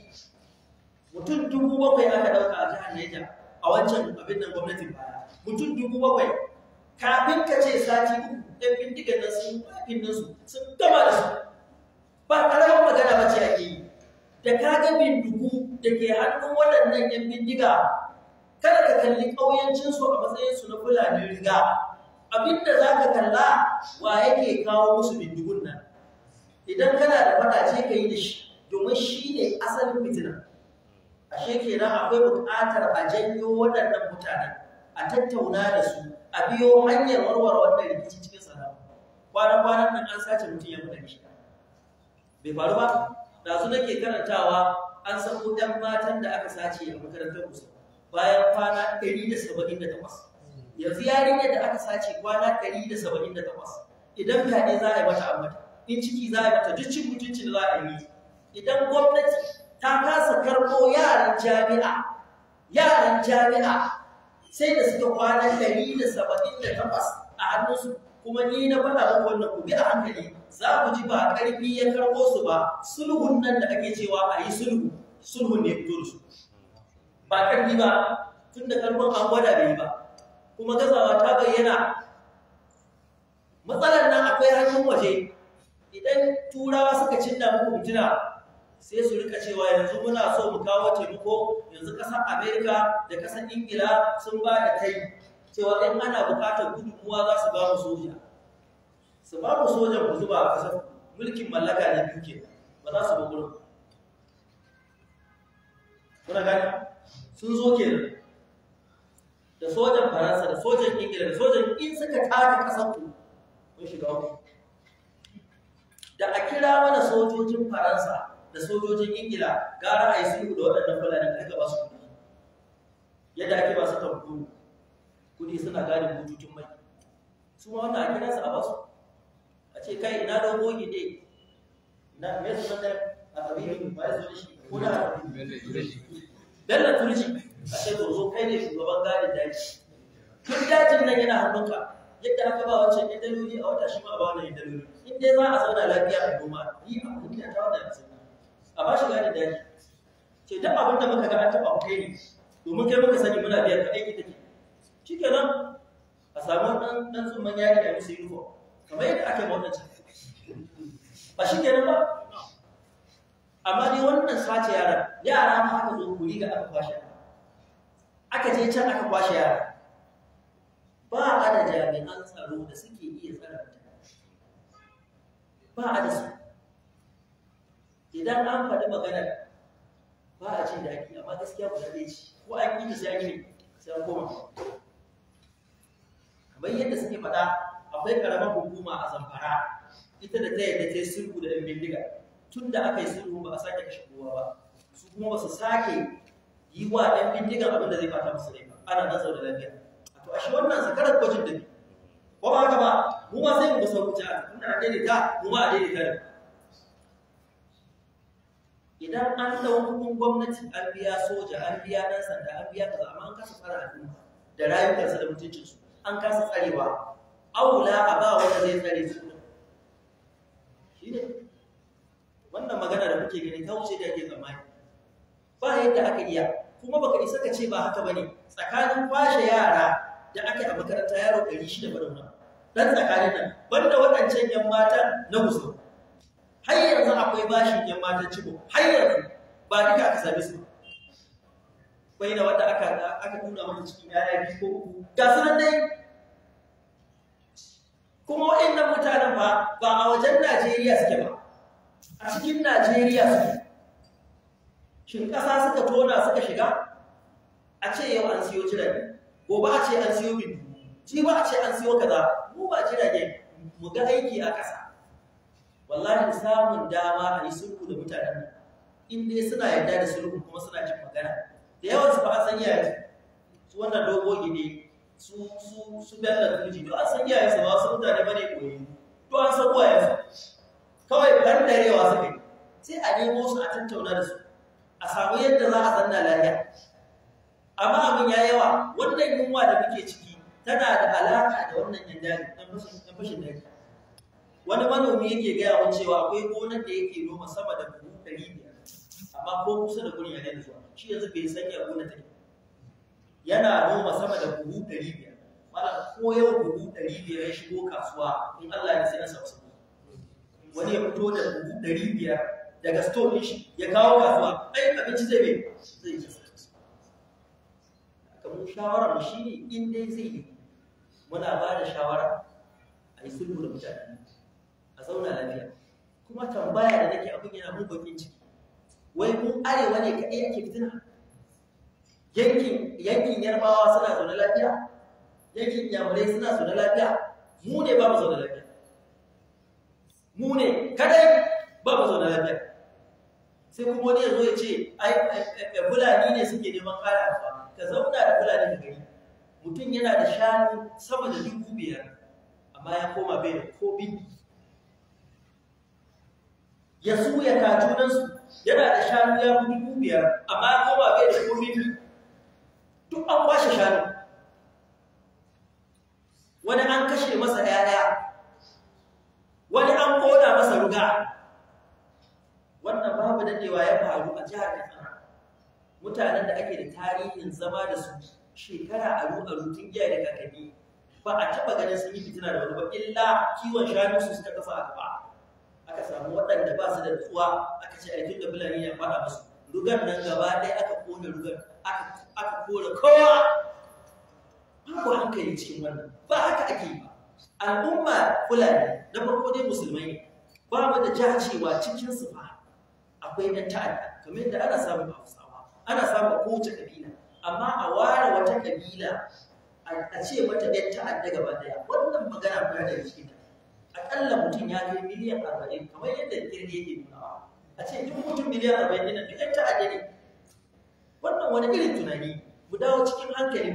mutum dubu bakwai aka ɗauka a jihar Niger a wancan abin nan gwamnatin baya mutum dubu bakwai kafin ka ce sati uku ɗan bindigar nan sun yi nan su sun gama da su ba ƙarfin magana ba ce ake yi da ka ga bindigu da ke hannun waɗannan ɗan bindiga kada ka kalli ƙauyancinsu a matsayinsu na fulani riga abinda za ka kalla wa yake kawo musu bindigun nan idan kana da faɗa ce ka yi da shi domin shi ne asalin fitina ashe kenan akwai buƙatar a janyo waɗannan mutanen a tattauna da su a biyo hanyar warware wannan rikici cikin salama kwanan kwanan nan an sace mutum ya mutane shi bai faru ba da su nake karantawa an ko ɗan matan da aka sace a makarantar musu bayan kwana 178 yanzu yarinyar da aka sace kwana 178 idan kaɗe za a yi mata ambata in ciki za a yi mata duk cin da za a yi idan gwamnati ta kasa karɓo yaran jami'a yaran jami'a sai da suka kwana ɗari da saba'in da takwas a hannunsu kuma ni na faɗa muku wannan ku bi a hankali za ku ji ba ƙarfi ya karɓo su ba sulhun nan da ake cewa a yi sulhu sulhun ne fito da su ba ƙarfi ba tun da karfin an gwada bai ba kuma gazawa ta bayyana matsalar nan akwai hannun waje idan turawa suka cinna muku fitina sai su rika cewa yanzu muna so mu kawo taimako yanzu kasar amerika da kasar ingila sun ba da kai cewa in ana bukatar gudunmuwa za su ba mu soja su ba mu sojan ku zuba a kasar mulkin mallaka na duke ba za su ba gurin kuna gani sun zo ke da sojan faransa da sojan ingila da sojan in suka taka kasar ku mun shiga wani da a kira mana sojojin faransa da sojojin ingila gara a yi sulhu da waɗannan fulani a riga ba su kuɗi yadda ake ba su kan kuɗi suna gadin bututun mai su ma wannan a kira su a ba su a ce kai ina da gogi dai na me su nan a kabirin ba ya zo shi ko da na turji a ce to kai ne shugaban gadin daji Tun dajin nan yana hannunka yadda aka ba wancan yadda a wata shi ma ba wannan yadda in dai za a zauna lafiya a goma ni a a ta wannan a ba shi gani daji ce duk abin da muka ga an taɓa kai ne domin kai muka sani muna biyar kaɗai ita ke shi kenan a samu ɗan ɗan tsumman yari da musu uniform kamar yadda aka yi wannan ba shi ba amma dai wannan sace yaran yara ma aka zo kuri ga aka kwashe aka je can aka kwashe yara ba a da jami'an tsaro da suke iya tsara ba a da su idan an faɗi maganar ba a jin daɗi amma gaskiya ba zaɓe ci ko an yi da sai an sai an koma kamar yadda suke faɗa akwai ƙaramar hukuma a zamfara ita da ta yadda ta yi sulhu da 'yan bindiga tun da aka yi sulhu ba a sake kashe kowa ba su kuma ba su sake yi wa 'yan bindigan abin da zai fata musu rai ba ana nan da lafiya to ashe wannan sakarar kwajin da ko ba haka ba mu ma sai mu ga sauƙi ta tun da a daidaita mu ma a daidaita da idan an ɗau hukun gwamnati an biya soja an biya dan sanda an biya kaza amma an kasa tsara al'umma da rayukansa da mutuncinsu an kasa tsarewa aula a ba wanda zai tsare su shi ne wannan magana da kuke gani ta wuce da ake ba yadda aka iya kuma baka isa ka ce ba haka bane tsakanin kwashe yara da ake a makaranta yaro 600 da wani dan tsakanin nan banda waɗancan yan matan na musulmi har yanzu akwai bashin ɗin matan cibo, har yanzu ba duka aka same su ba bai da wanda aka aka nuna mata cikin yaya biyu ko uku ga su nan dai kuma waɗannan mutanen ba ba a wajen Najeriya suke ba a cikin Najeriya suke shin ƙasa suka tona suka shiga a ce yau an siyo jirage gobe a ce an siyo bindu ji ba a ce an siyo kaza mu ba jirage mu ga aiki a ƙasa wallahi samun dama a yi sulhu da mutanen nan in dai suna yarda da sulhu kuma suna cin magana da yawan su ba a san yaya su wannan dogo gine su su su bella tuji to an san yaya su ba su mutane bane koyi to an san waye su kawai yawa su yi sai a nemo su a tattauna da su a samu yadda za a zanna lafiya amma abin ya yawa wannan yunwa da muke ciki tana da alaƙa da wannan yanda ne ɗan fashin daji wani manomi yake gaya wa cewa akwai gonar da yake noma sama da buhu ɗari biyar amma ko kusa da gurin ya daina zuwa shi yanzu bai san ya gona take yana noma sama da buhu ɗari biyar mana ko yau buhu ɗari biyar ya shigo kasuwa in Allah ya sai sa samu wani ya fito da buhu ɗari biyar daga store din shi ya kawo kasuwa ai abinci zai bai zai ci kamar shawara mu shi ne in dai zai yi muna ba da shawara a yi sulhu da mutane a zauna lafiya kuma tambaya da nake abin yana mun bakin ciki wai mun arewa ne kaɗai ake fitina yankin yankin yarbawa suna zaune lafiya yankin yamurai suna zaune lafiya mu ne ba mu zaune lafiya mu ne kadai ba mu zaune lafiya sai kuma wani yanzu ya ce ai fulani ne suke neman kara alfa ka zauna da fulani da gari mutum yana da shanu sama da dubu biyar amma ya koma bai da ko bindi ya su ya su yana da shanu ya fi amma ya koma bai da komi biyu duk an kwashe shanu wani an kashe masa ɗaya wani an koda masa ruga wannan babu dadewa ya faru a jihar Katsina mutanen da ake da tarihin zama da su shekara aru aru tun giya da kakanni ba a taba ganin sun yi fitina da wani ba illa kiwon shanu su suka kafa a gaba samu waɗanda ba su da nutsuwa aka ce aikin da fulani ya faɗa musu rugar nan gaba ɗaya aka kone rugar aka kone kowa babu hankali cikin wannan ba haka ake yi ba al'umma fulani na farko dai musulmai ba mu da jacewa cikin su ba akwai ɗan ta'adda kamar yadda ana samun hausawa ana samun kowace kabila amma a ware wata kabila a ce mata ɗan ta'adda gaba ɗaya wannan magana ba da cikin akalla mutum ya kai miliyan arba'in kamar yadda kirgi yake nunawa a ce duk mutum miliyan arba'in yana duk ta ajiye ne wannan wani irin tunani mu dawo cikin hankali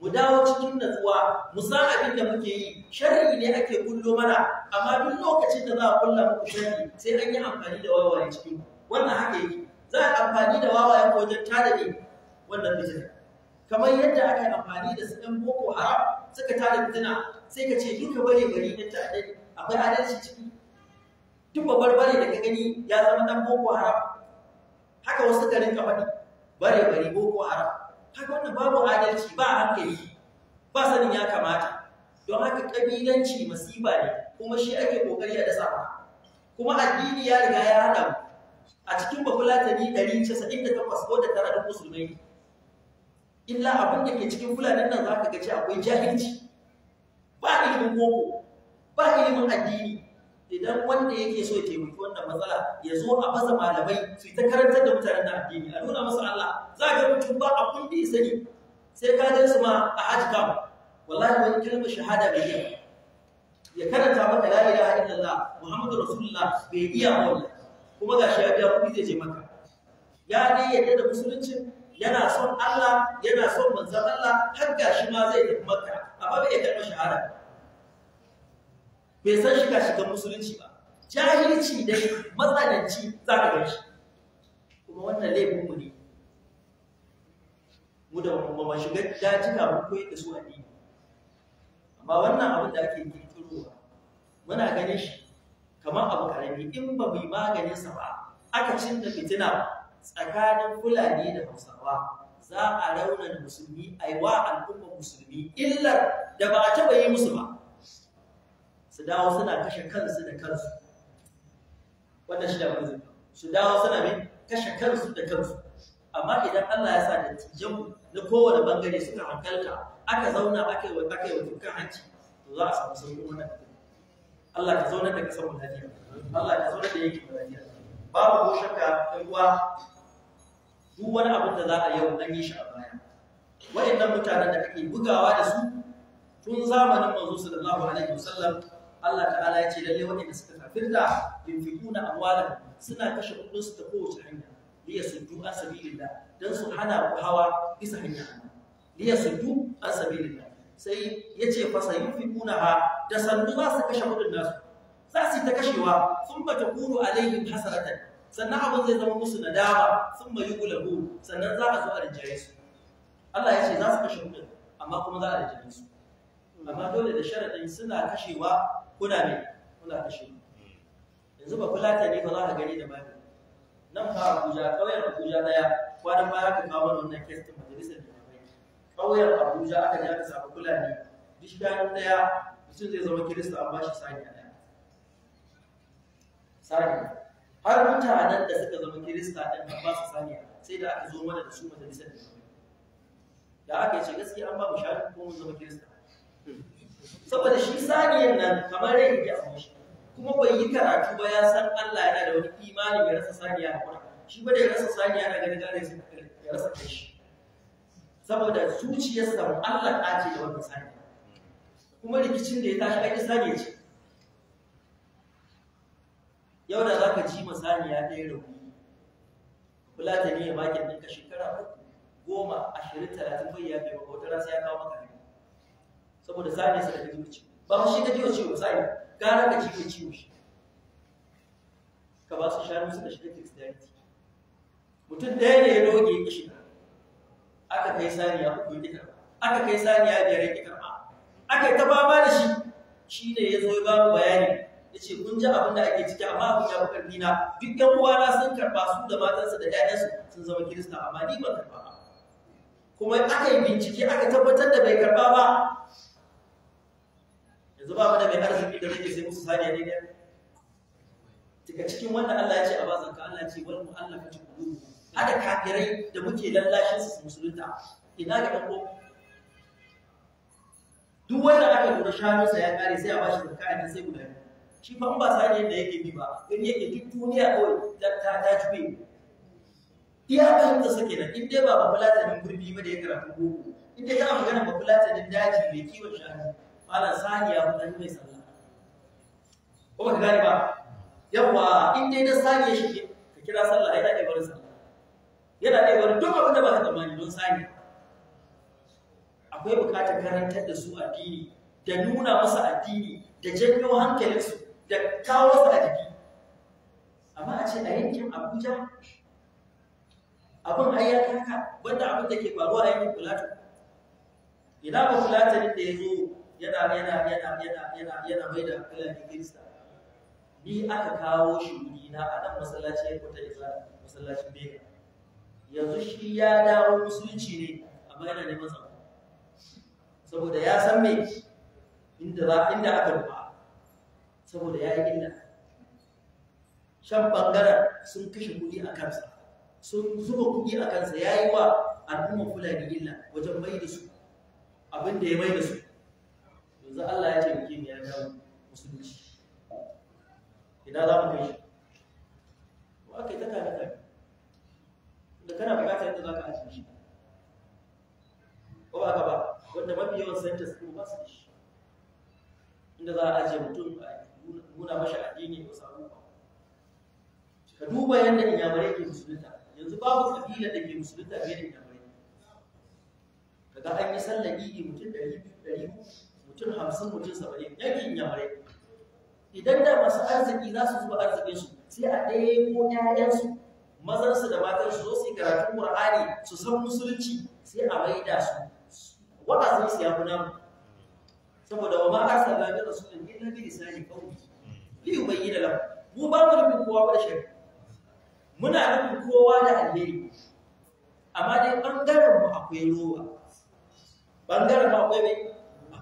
mu dawo cikin natsuwa mu san abin da muke yi sharri ne ake kullo mana amma duk lokacin da za a kulla muku sharri sai an yi amfani da wawaye cikin wannan haka yake za a amfani da wawaye wajen tada ne wannan fitina kamar yadda aka yi amfani da su ɗan boko haram suka tada fitina sai ka ce duka bari na tada akwai adalci ciki duk babbar bare da ka gani ya zama dan boko haram haka wasu ka rinka faɗi bare bare boko haram haka wannan babu adalci ba hankali ba sanin ya kamata don haka kabilanci masifa ne kuma shi ake kokari a dasa ba kuma addini ya riga ya hada mu a cikin bafulatani 198 ko da tara duk musulmai illa abin da ke cikin fulanin nan za ka gaci akwai jahilci ba ilimin boko ba ilimin addini idan wanda yake so ya taimaki wannan matsala ya zo a baza malamai su ta karantar da mutanen da addini a nuna masa Allah za ka mutum ba abun da ya sani sai ka je su ma a hajji kam wallahi wani kalmar shahada bai iya ya karanta maka la ilaha illallah muhammadu rasulullah bai iya wallahi kuma gashi ya biya kuɗi zai je maka ya dai yadda da musuluncin yana son Allah yana son manzon Allah har gashi ma zai tafi maka amma bai iya kalmar shahada bai san shiga shigan musulunci ba jahilci dai matsananci za ka gan shi kuma wannan laifin mu ne mu da kuma ba shiga dajika mun koyi da su addini amma wannan abin da ake kirkirowa muna ganin shi kamar abu karami in ba mu yi maganin sa ba aka da fitina tsakanin fulani da hausawa za a raunar musulmi a yi wa al'ummar musulmi illar da ba a taɓa yi musu ba su dawo suna kashe kansu da kansu wannan shi da manzo su dawo suna mai kashe kansu da kansu amma idan Allah ya sa da tijan na kowane bangare suka hankalta aka zauna aka yi wa aka yi wa hanci to za a samu sauƙin wannan Allah ka zauna da kasar lafiya Allah ka zauna da yake mu lafiya babu ko shakka ɗan uwa duk wani abin da za a yau an yi shi a baya waɗannan mutanen da kake bugawa da su tun zamanin manzo sallallahu alaihi wasallam Allah ta'ala ya ce lalle waɗanda suka da kafirta yunfiquna amwalan suna kashe kudinsu ta kowace hanya li yasuddu an sabilillah don su hana ku hawa bisa hanya li yasuddu an sabilillah sai ya yace fa sayunfiquna ha da sandu za su kashe kudin nasu za su ta kashewa sun ba ta kuru alaihim hasaratan sannan abin zai zama musu nadama sun ma yi gulabu sannan za a zo a rinjaye su Allah ya ce za su kashe kudin amma kuma za a rinjaye su amma dole da sharaɗin suna kashewa kuna ne kuna kashe yanzu ba fulata ne ba za ka gani da bayan nan fa Abuja kauyen Abuja daya kwanan baya ka kawo mana wannan kes din majalisar jami'ai kauyen Abuja aka je aka samu Fulani duk bayan daya mutum zai zama Kirista an bashi sani daya sani har mutanen da suka zama Kirista ɗin ba su sani sai da aka zo mana da su majalisar jami'ai da aka ce gaskiya an ba mu shanu ko mun zama Kirista saboda shi saniyan nan kamar rai yake a shi kuma bai yi karatu ba ya san Allah yana da wani imani ya rasa saniya a kuma shi ba da rasa saniya na gani gane su ya rasa kai shi saboda zuciyarsa Allah ta ce da wannan saniya kuma rikicin da ya tashi ai saniya ce yau da zaka ji ma masaniya ɗaya rauni kula ta ne ya baki ɗinka shekara uku goma ashirin talatin bai ya bai ba wata rasa ya kawo maka saboda zane sa da jiwa ciwo ba mu shi ka jiwa ciwo zane gara ka jiwa ciwo shi ka ba su da shi shiga dexterity mutum ɗaya ne ya roge ya shiga aka kai saniya hudu gida. karɓa aka kai saniya biyar ya karɓa aka yi ta fama da shi shi ne ya zo ya ba mu bayani ya ce kun ji abin da ake ciki amma abin ya fi ƙarfi na duk ɗan uwana sun karɓa su da matansa da ƴaƴansu sun zama kirista amma ni ban karɓa ba kuma aka yi bincike aka tabbatar da bai karɓa ba yanzu ba wanda mai arziki da zai sai musu saniya ne ne daga cikin wanda Allah ya ce a bazan ka Allah ya ce wal mu'allafati qulubu hada kafirai da muke lallashin su musulunta ina ga dan ko duk wanda aka dora shanu sa ya kare sai a bashi zakka a sai guda shi fa in ba saniya da yake bi ba in yake duk duniya kawai ta ta jube iya fahimta suke nan in dai ba babulatanin birni ba da ya karatu boko in dai kana magana babulatanin daji mai kiwon shanu ana saniya ko dan mai sallah ko ka gane ba yawa in dai na saniya shi ka kira sallah ai yi ke barin sallah yana da barin duk abin da ba ka tsammani don saniya akwai bukatar karantar da su addini da nuna masa addini da janyo hankalinsu da kawo su a jiki amma a ce a yankin abuja abin ai ya wanda abin da ke faruwa a yankin plateau ina ba plateau da ya zo yana yana yana yana yana yana mai da kula da Kirista ni aka kawo shi wuri na a nan masallaci ya kuta isa masallacin Beka yanzu shi ya dawo musulunci ne amma yana neman sa saboda ya san me inda ba inda aka rufa saboda ya yi illa shan bangaren sun kashe kuɗi a kansa sun zuba kuɗi a kansa ya yi wa kula fulani illa wajen mai da su abin da ya mai da su yanzu Allah ya taimake ni ya ga musulunci ina za mu kai shi ko aka yi ta kare kare da kana bukatar yadda za ka ajiye shi ko ba ka ba wanda mafi yawan centers ɗin ba su da shi inda za a ajiye mutum a nuna masa addini ko samu ba ka duba yadda inyamurai ke musulunta yanzu babu ƙabilar da ke musulunta fiye da Ka ga an yi sallar idi mutum ɗari biyu ɗari uku mutum hamsin mutum saba'in yakin yamare idan da masu arziki za su zuba arzikinsu sai a ɗaya ko ƴaƴansu mazarsu da su zo su yi karatun ƙur'ani su san musulunci sai a maida su wa'azin su ya fi namu saboda wa ma arsalna min rasulin illa bi lisani qawmi hmm. li yubayyana lam mu ba mu nufin kowa da shari muna nufin kowa da alheri amma dai ɓangaren mu akwai rowa bangaren mu akwai mai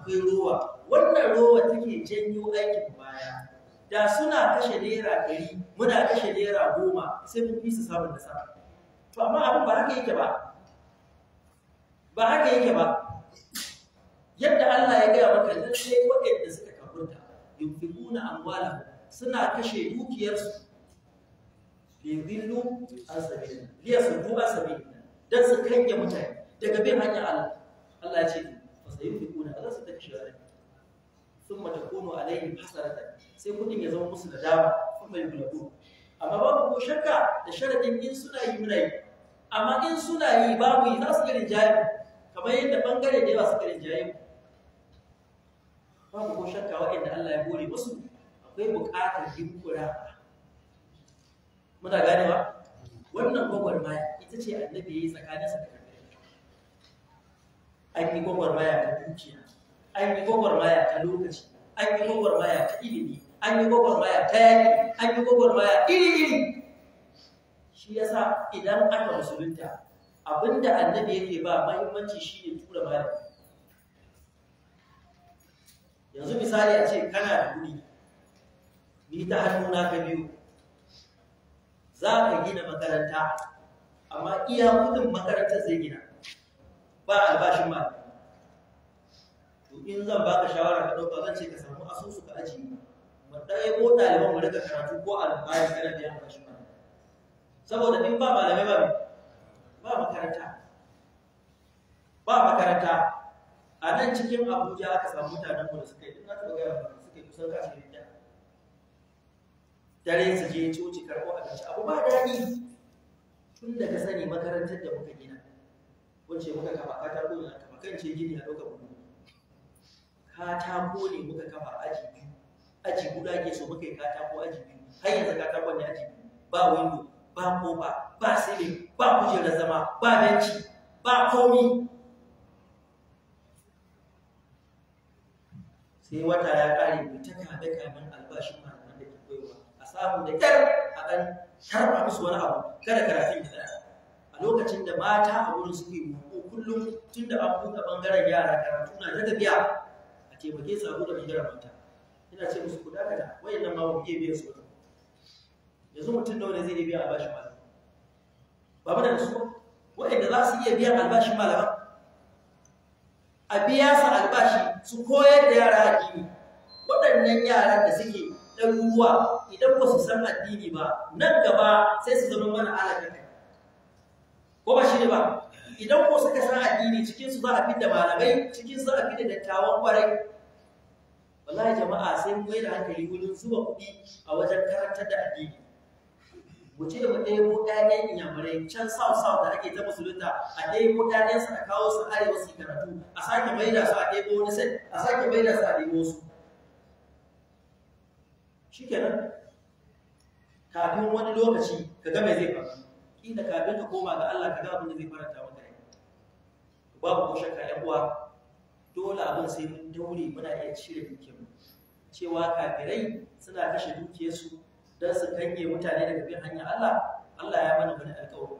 akwai ruwa. wannan rowa take janyo aikin baya da suna kashe naira ɗari muna kashe naira goma sai mun fi su samun nasara to amma abin ba haka yake ba ba haka yake ba yadda Allah ya gaya maka sai waɗanda suka kafurta yunfiquna amwalahum suna kashe dukiyarsu liyudillu an sabilillah liyasuddu an sabilillah dan su kange mutane daga bin hanyar Allah Allah ya ce fa sayunfiqu kashe wani sun mata kono a layin hasarata sai kudin ya zama musu da dama sun mai bulabu amma babu ko shakka da sharadin in suna yi muna yi amma in suna yi babu yi za su garin jayi kamar yadda bangare da yawa su garin jayi babu ko shakka waɗanda Allah ya bore musu akwai buƙatar hinkura muna ganewa wannan gwagwarmaya ita ce annabi ya yi tsakaninsa da karfe an yi gwagwarmaya ta dukiya an yi gwagwarmaya ta lokaci an yi gwagwarmaya ta ilimi an yi gwagwarmaya ta yaki an yi gwagwarmaya iri-iri shi yasa idan aka musulunta abinda annabi yake ba mahimmanci shi ne tura malami yanzu misali a ce kana da guri ni ta hannuna ka biyu za ka gina makaranta amma iya kudin makarantar zai gina ba albashin malami in zan baka shawara ka ɗauka zan ce ka samu asusu ka ajiye mu ɗaya ɗaliban mu rika karatu ko alfahari kana da yamma shi ba saboda in ba malamai ba ba makaranta ba makaranta a nan cikin abuja aka samu mutanen mu da suka yi na taɓa gaya maka suka yi kusan kashe da dare su je coci karɓo abinci abu ba daɗi tun da ka sani makarantar da muka gina wacce muka kafa katar gudun a kafa kan ce gini a ɗaukar mu katako ne muka kafa aji biyu aji guda ke so muka yi katako aji biyu har yanzu katakon ne aji biyu ba windo ba kofa ba sile ba kujerar zama ba benci ba komi sai wata ya kare mai ta kame kamen albashin malaman da ke koyarwa a samu da a kan sharfa musu wani abu kada karafin da tsaya a lokacin da mata a wurin suke buku kullum tun da an buɗe ɓangaren yara karatu na ta tafiya taimake su abu da hijira mata ina ce musu ku dakata wayannan ma ba ke biyan su ba yanzu mutum da wani zai iya biyan albashin malam ba mana da su da za su iya biyan albashin malam a biya su albashi su koyar da yara addini waɗannan yaran da suke ɗaruruwa idan ba su san addini ba nan gaba sai su zama mana alaƙa ko ba shi ne ba idan ko suka san addini cikin su za a fidda malamai cikin su za a fidda dattawan kwarai wallahi jama'a sai mu yi da hankali wurin zuba kuɗi a wajen karantar da addini mu ce mu mu ɗebo ɗayan inyamurai can south south da ake ta musulunta a ɗebo ɗayan su a kawo su arewa su karatu a sake maida su a ɗebo wani sai a sake maida su a ɗebo su shikenan kafin wani lokaci ka ga mai zai faru kila kafin ka koma ga Allah ka ga abin da zai faranta babu ko shakka yan kuwa? dole abin sai mun daure muna iya cire mu. cewa kafirai suna kashe dukiyarsu don su kange mutane daga bin hanyar Allah Allah ya mana wani alƙawari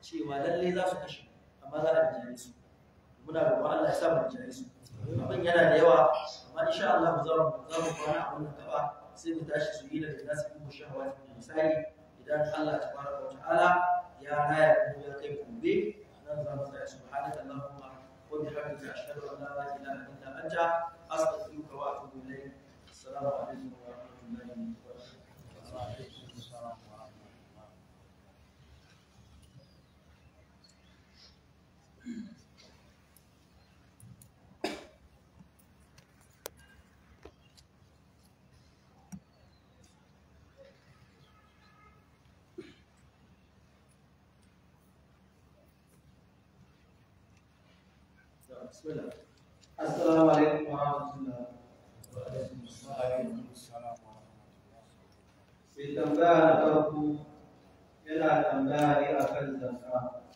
cewa lalle za su kashe amma za a bijire su muna roƙon Allah ya sa mu bijire su abin yana da yawa amma insha Allah mu za mu za mu kwana a wannan gaba sai mu tashi su yi da nasu kuma shahawa misali idan Allah tabaraka wa ta'ala ya raya mu ya kai gobe nan za mu tsaya subhanaka allahumma wa bihamdika ashhadu an la ilaha illa anta astaghfiruka wa atubu ilayk assalamu alaikum wa السلام عليكم tambaya na yana tambaya ne a kan zakka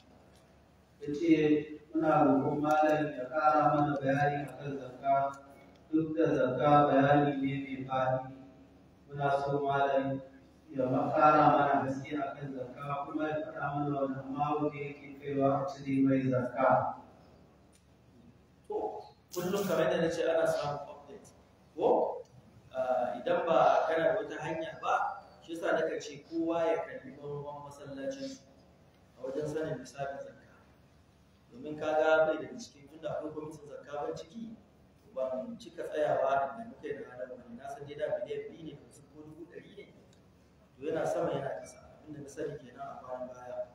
ya ce muna malam ya ƙara mana bayani a kan duk da zakka bayani ne mai faɗi muna so malam ya ƙara mana haske a kan kuma ya kaiwa a mai zakka kullum kamar yadda na ce ana samun update ko ah, idan ba kana da wata hanya ba shi yasa naka ce kowa ya kalli ruwan masallacin a wajen sanin misalin zakka domin ka ga bai da cikin da akwai kwamitin zakka ban ciki mu cika tsayawa da muka yi na hada wani na san da miliyan biyu ne su ko dubu ɗari ne to yana sama yana kasa abinda na sani kenan a kwanan baya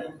eh.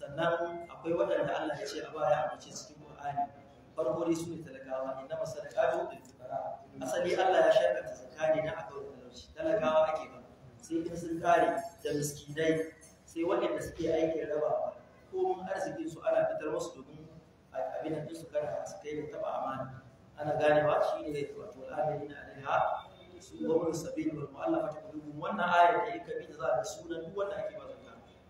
sannan akwai waɗanda Allah ya ce a baya a bace cikin Qur'ani farko dai sune talakawa inna masadaqatu lil fuqara asali Allah ya shakanta zakani na akan talauci talakawa ake ba sai in sun kare da miskinai sai waɗanda suke aikin raba ko mun arzikin su ana fitar musu domin abin da su kana su kai da taba amana ana ganewa shine wato al'amari na alaiha su gwamnati sabil wal ta qulubuhum wannan ayat da ya kabi da za a sunan duk wanda ake ba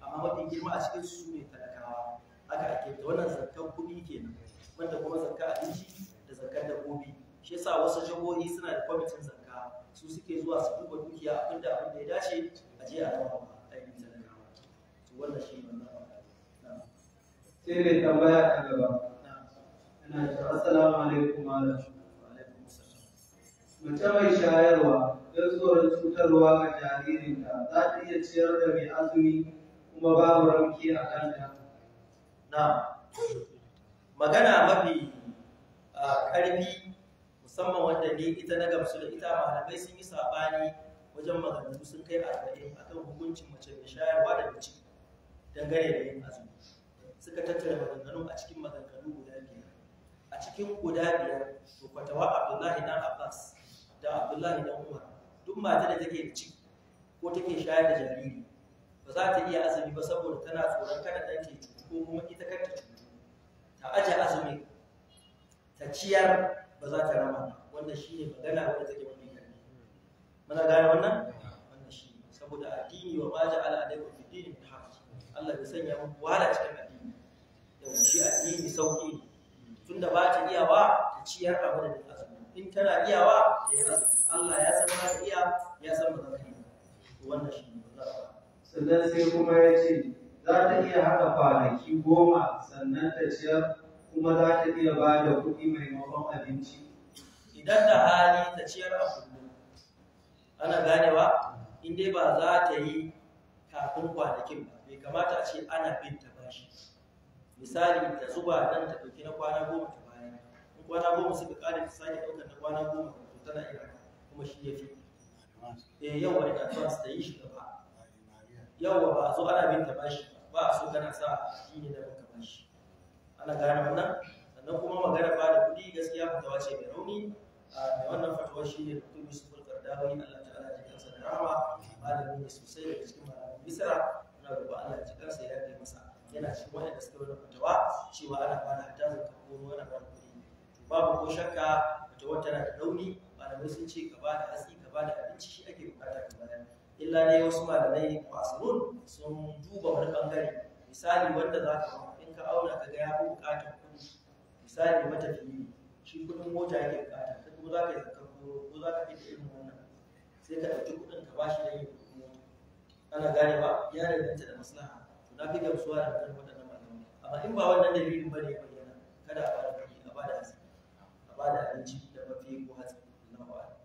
amma mafi girma a cikin su ne talakawa haka ake da wannan zakkan kuɗi kenan wanda kuma zakka abinci da zakkan dabbobi shi yasa wasu jihohi suna da kwamitin zakka su suke zuwa su duba dukiya abin da abin da ya dace a je a raba a yi talakawa to wannan shi ne sai ne tambaya a gaba ina cewa assalamu alaikum malam mace mai shayarwa don tsoron cutarwa ga jaririnta za ta iya ciyar da mai azumi kuma babu rauki a kanta na magana mafi ƙarfi musamman wanda ne ita na gamsu da ita malamai sun yi saɓani wajen maganganu sun kai arba'in a kan hukuncin mace mai shayarwa da mace dangane da yin azumi suka tattara maganganun a cikin maganganu guda biyar a cikin guda biyar to fatawa abdullahi dan abbas da abdullahi dan umar duk mata da take da ciki ko take shayar da jariri ba za ta iya azumi ba saboda tana tsoron kada ɗan ta cutu ko kuma ita kar ta cutu ta aje azumi ta ciyar ba za ta rama ba Wanda shi ne magana wadda take mafi karfi muna gane wannan wannan shi saboda addini wa ma ja'ala alaikum fi dinin min haraj Allah bai sanya muku wahala cikin addini ba shi addini sauki ne tunda ba ta iya ba, ta ciyar a da azumi in tana iyawa ta yi azumi Allah ya san ba ta iya ya san ba za ta yi wannan shi ne sannan sai kuma ya ce za ta iya haɗa kwanaki goma sannan ta ciyar kuma za ta iya ba da kuɗi maimakon abinci idan da hali ta ciyar a kullum ana ganewa inda ba za ta yi kafin kwanakin ba bai kamata a ce ana bin ta bashi misali ta zuba nan ta ɗauki na kwana goma ta bayan in kwana goma suka ƙare ta sake ɗaukar na kwana goma ta tana iya kuma shi ya fi eh yau wani advance ta yi shi gaba yawa ba a zo ana bin ta bashi ba a so kana sa shi ne da ka bashi ana gane wannan sannan kuma magana ba da kuɗi gaskiya fatawa ce mai rauni da wannan fatuwa shi ne mutum yusuf al-qardawi Allah ta'ala ya kansa da rahama malami ne sosai da cikin malamin misra muna roƙon Allah ya kansa ya kai masa yana cikin waɗanda suka wani fatawa cewa ana fara hatta zaka ko ana fara kuɗi to babu ko shakka fatawar tana da rauni malamai sun ce ka ba da hatsi ka ba da abinci shi ake bukata ka bayar illa dai wasu malamai masulun sun duba wani bangare misali wanda za ka in ka auna ka ga ya fi bukatar kuɗi misali matafiyi shi kuɗin mota yake bukata ka kuma za ka yi zakar ko za ka fita irin wannan sai ka ɗauki kuɗin ka bashi da yin kuɗin mota ana gane ba ya danganta da maslaha to na fi gamsuwa da wannan waɗannan malamai amma in ba wannan dalilin ba ne ya bayyana kada a bada kuɗi a bada hatsi a bada abinci da mafi ko hatsi na ba.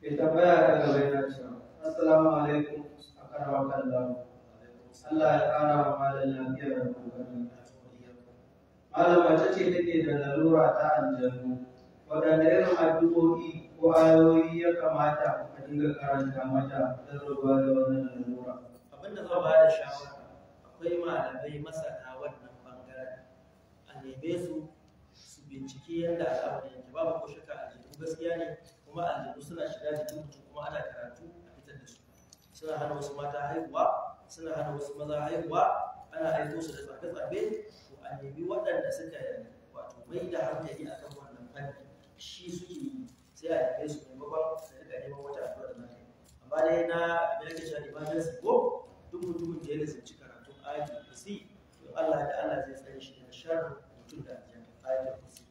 Ita baya kan gaba yana cewa assalamu alaikum akarwa kallahu Allah ya kara wa malam lafiya da kokarin malam mace ce take da lalura ta aljanu waɗanda irin addu'o'i ko ayoyi ya kamata a dinga karanta mata don rabuwa da wannan lalura abinda zan ba shawara akwai malamai masana wannan bangaren a neme su su binciki yadda al'amarin yake babu ko shakka aljanu gaskiya ne kuma aljanu suna shiga jikin mutum kuma ana karatu suna hana wasu mata haihuwa suna hana wasu maza haihuwa ana haifo su da tsafe-tsafe to a nemi waɗanda suka wato mai da hankali a kan wannan fanni shi suke yi sai a nemi su maimakon su rika neman wata addu'a da zaka yi amma dai na da yake sha emergency ko duk mutumin da ya karatu karatun ayatul si to Allah da Allah zai tsare shi daga sharrin mutum da aljanna ayatul si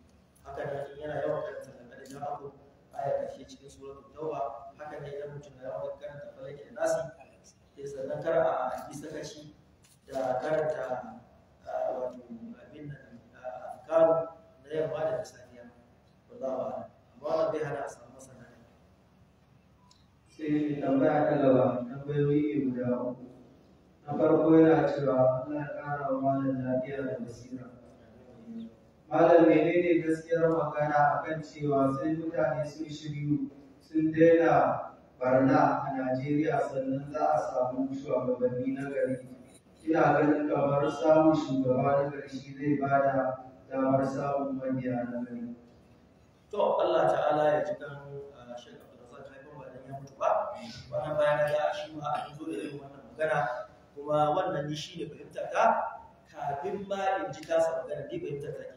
haka nan yana yawan karanta da kada jama'a ko aya shi cikin suratul tauba haka ne idan mutum ya rawar karanta falaki da nasi ya sannan kar a yi sakaci da karanta wato abin da afkaru na yamma da safiya wallahu a'lam amma wannan bai hana a samu masana sai tambaya ta gaba tambayoyi guda uku na farko yana cewa ana ƙara wa malam lafiya da basira malam menene gaskiyar magana akan cewa sai mutane sun shiryu sun daina barna a Najeriya sannan za a samu shugabanni na gari. Ina ganin kamar samun shugaba na gari shi zai ba damar samun manya na gari. To Allah ta'ala ya ji kan Haifar ah, ba ya mutu ba. Wannan bayan da shi ma a zo da irin wannan magana kuma wannan ni shi ne fahimta kafin ma in ji ta magana ni fahimta ta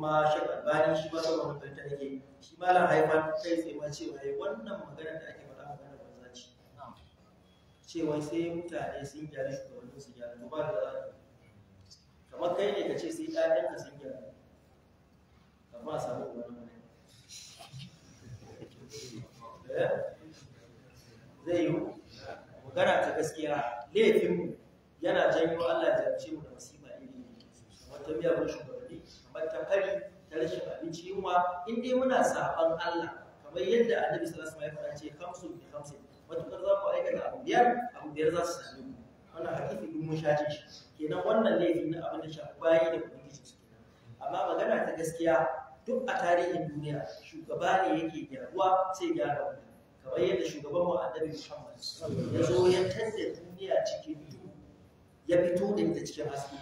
kuma shek albani shi ba ta wani fahimta yake shi malam haifan kai tsaye ma cewa ya wannan magana da ake faɗa magana banza ce cewa sai mutane sun gyara shugabannin su gyara ba da za kamar kai ne ka ce sai ɗayan ka sun gyara amma a samu wani mana eh? zai yi magana ta gaskiya laifinmu yana janyo Allah ya jarce mu da musiba iri wata miyagun shugaban banta fari ta rashin abinci yunwa in dai muna saban Allah kamar yadda annabi sallallahu alaihi wasallam ya ce kamsu bi kamsu matukar za ku aikata abu biyar abu biyar za su sami ku wannan hadisi duk mun shaje shi kenan wannan laifin na abin da shafi bayi da kuma ubangiji su amma magana ta gaskiya duk a tarihin duniya shugaba ne yake gyaruwa sai gyara wani kamar yadda shugaban mu annabi Muhammad ya zo ya tanda duniya cikin duhu ya fito da ita cikin haske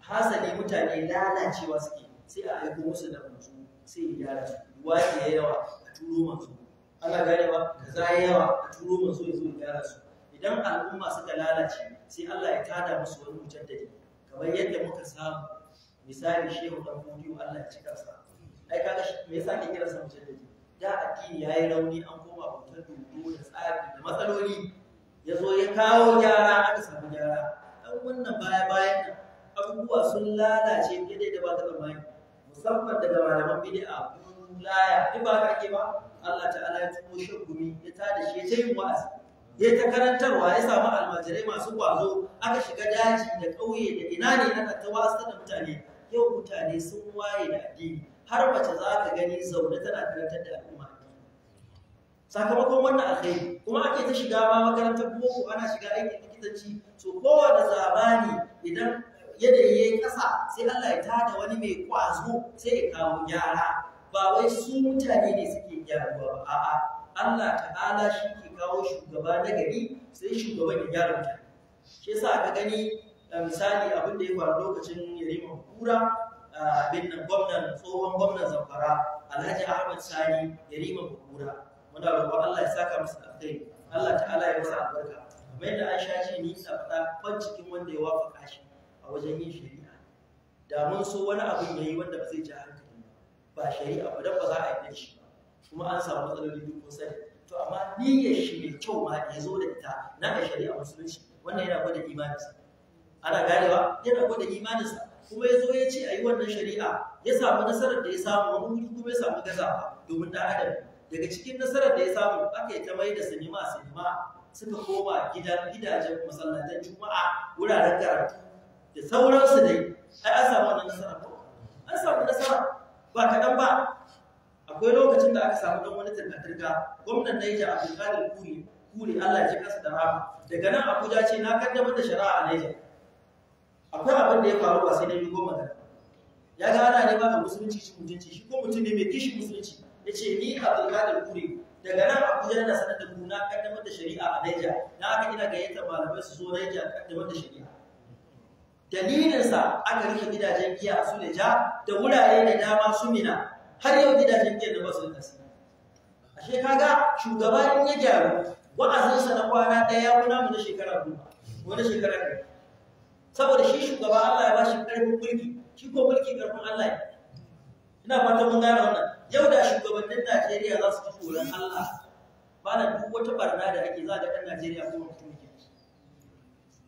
hasali mutane lalacewa suke sai a aiko musu da mutu sai ya gyara su duwaye ya yawa a turo masu ana ganewa kaza ya yawa a turo masu ya zo ya gyara su idan al'umma suka lalace sai Allah ya tada musu wani mujaddadi kamar yadda muka samu misali shehu dan godiyo Allah ya cika sa ai kaga me yasa ake sa mujaddadi da addini yayi rauni an koma bautar dodo da tsari da matsaloli ya zo ya kawo gyara aka samu gyara dan wannan baya bayan nan abubuwa sun lalace fiye da ba ta tsammani musamman daga malaman bid'a laya duk ba kake ba Allah ta'ala ya tumo shin gumi ya tada shi ya ta yin wa'azi ya ta karantarwa ya samu almajirai masu kwazo aka shiga daji da ƙauye da ina ne na ta wasu da mutane yau mutane sun waye da addini har mace za ka gani zaune tana karantar da al'umma sakamakon wannan alkhairi kuma ake ta shiga ma makarantar boko ana shiga aikin likitanci to kowa kowane zamani idan Yadda ya yi ƙasa sai Allah ya tada wani mai ƙwazo sai ya kawo gyara ba wai su mutane ne suke gyaruwa ba a'a Allah ta'ala shi ke kawo shugaba na gari sai shugaban ya gyara mutane shi yasa ka gani misali abin da ya faru lokacin yarima kura abin gwamnan tsohon gwamnan zamfara alhaji ahmad sani yarima kura muna roƙon allah ya saka masa alkhairi allah ta'ala ya masa albarka kamar yadda aisha ce ni a faɗa cikin wanda ya wafa kashi a wajen yin shari'a da mun so wani abin yayi wanda ba zai ji hankali ba ba shari'a ba don ba za a yi shi ba kuma an samu matsaloli duk kun sani to amma niyyar shi mai kyau ma ya zo da ita na ga shari'a musulunci wannan yana gwada imaninsa ana ganewa yana gwada imaninsa kuma ya zo ya ce a yi wannan shari'a ya samu nasarar da ya samu wani wuri kuma ya samu ba. domin ɗan adam daga cikin nasarar da ya samu aka yi ta mai da sinima sinima suka koma gidajen masallatan juma'a wuraren karatu da sauransu dai ai an samu wannan nasara ko an samu nasara ba kaɗan ba akwai lokacin da aka samu don wani tarkatarka. gwamnan Naija Abdulkadir Kuri Kuri Allah ya kasa da rahama daga nan Abuja ce na kaddamar da shari'a a Naija akwai abin da ya faru ba sai na yi goma da ya ga ana nema a musulunci shi mutunci shi ko mutum ne mai kishi musulunci ya ce ni Abdulkadir Kuri daga nan Abuja na sanar da ku na kaddamar da shari'a a Naija na aka ina gayyatar malamai su zo Naija kaddamar da shari'a dalilinsa aka rufe gidajen giya a Suleja da wurare da dama su mina har yau gidajen giya da basu da ashe kaga shugaba in ya gyaru wa'azinsa na kwana ɗaya ya kuna mu na shekara goma wani shekara ɗaya saboda shi shugaba Allah ya bashi ƙarfin mulki shi ko mulki ƙarfin Allah ya ina fata mun gane wannan yau da shugabannin Najeriya za su ji tsoron Allah ba na duk wata barna da ake za ga ɗan Najeriya ko mutum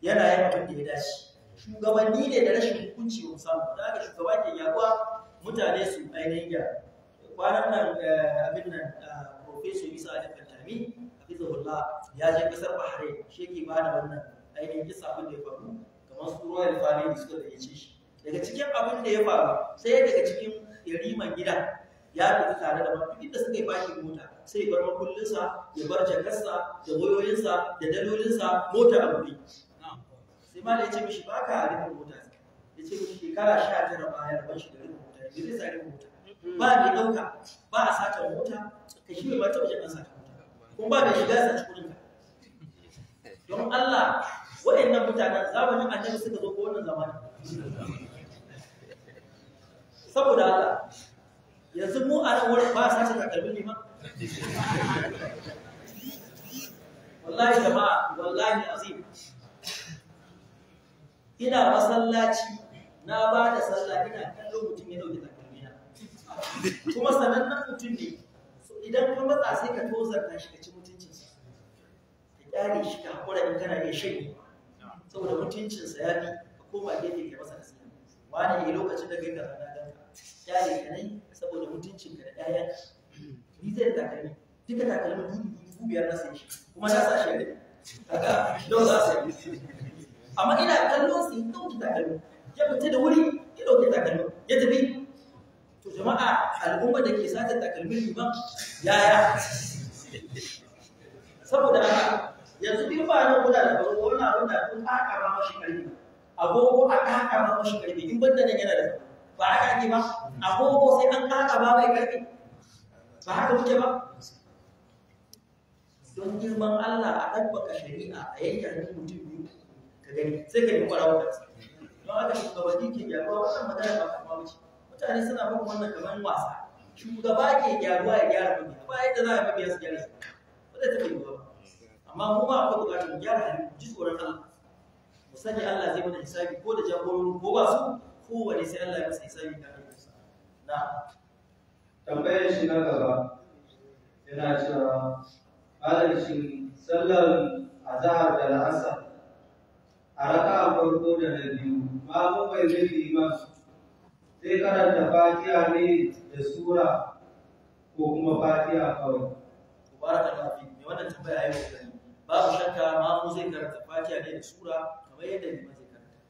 yana yin abin da ya dace shugabanni ne da rashin hukunci mun samu da ga shugaba ke yaguwa mutane su ainihin ya kwanan nan eh, abin nan eh, profesor isa ali fantami hafizahullah ya je kasar bahrain shi ke bada da wannan ainihin kisa abin da ya faru kamar su royal family suka da yace shi daga cikin abin da ya faru sai daga cikin yariman gida ya tafi tare da mafi inda suka yi bashi mota sai bar makullinsa ya bar jakarsa da wayoyinsa da dalolinsa mota a mala ya ce mishi ba ka rufe mota ya ce mishi shekara sha tara baya ban shi da rufe mota ya zai sa rufe mota ba mai ɗauka ba a sata mota ka shi mai ba taɓa jin sata mota kuma ba mai shiga sace kuɗin don Allah waɗannan mutanen zamanin annabi suka zo ko wannan zamanin saboda Allah yanzu mu a nan wurin ba sa ta takalmi ne ma wallahi jama'a wallahi azim ina masallaci na ba da sallah ina kallon mutum ya dauke takalmina kuma sanannen mutum ne idan ka matsa sai ka tozarta shi ka ci mutuncinsa ka kyale shi ka hakura in kana iya shi saboda mutuncinsa ya fi ka koma gefe ka masa nasiha wani ne lokacin da kai ka zana ganka kyale ka nai saboda mutuncinka da ɗayan ni zai takalmi duka takalmin dubu biyar na sai shi kuma na sa shi ne don za su yi amma ina kallon su ya ɗauki takalmi ya fita da wuri ya ɗauki takalmi ya tafi to jama'a al'umma da ke sata takalmin liman yaya saboda haka yanzu bin ba nan guda da farko wani abin da kun kakama mashi karfi agogo a kakama mashi karfi in banda nan yana da ba haka ake ba agogo sai an ba mai karfi ba haka muke ba don girman Allah a ɗabbaka shari'a a yanke hannun mutum sai ka yi kwararwa da su don haka shugabanni ke gyaruwa wannan magana ba kuma wuce mutane suna bin wannan kamar wasa shugaba ke gyaruwa ya gyara mabiya ba yadda za a mabiya su gyara shi ba zai taɓa yiwuwa ba amma mu ma akwai buƙatar mu gyara hali mu ji tsoron Allah mu sani Allah zai mana hisabi ko da jagororin ko ba su kowane sai Allah ya masa hisabi da kai na tambayar shi na gaba yana cewa adalcin sallar azhar da la'asar a farko da na biyu mamu mai zai masu. sai karanta fatiya ne da sura ko kuma fatiha kawai mubaraka ta fi mai wannan tambaya yau da babu shakka mamu zai karanta fatiya ne da sura kamar yadda liman zai karanta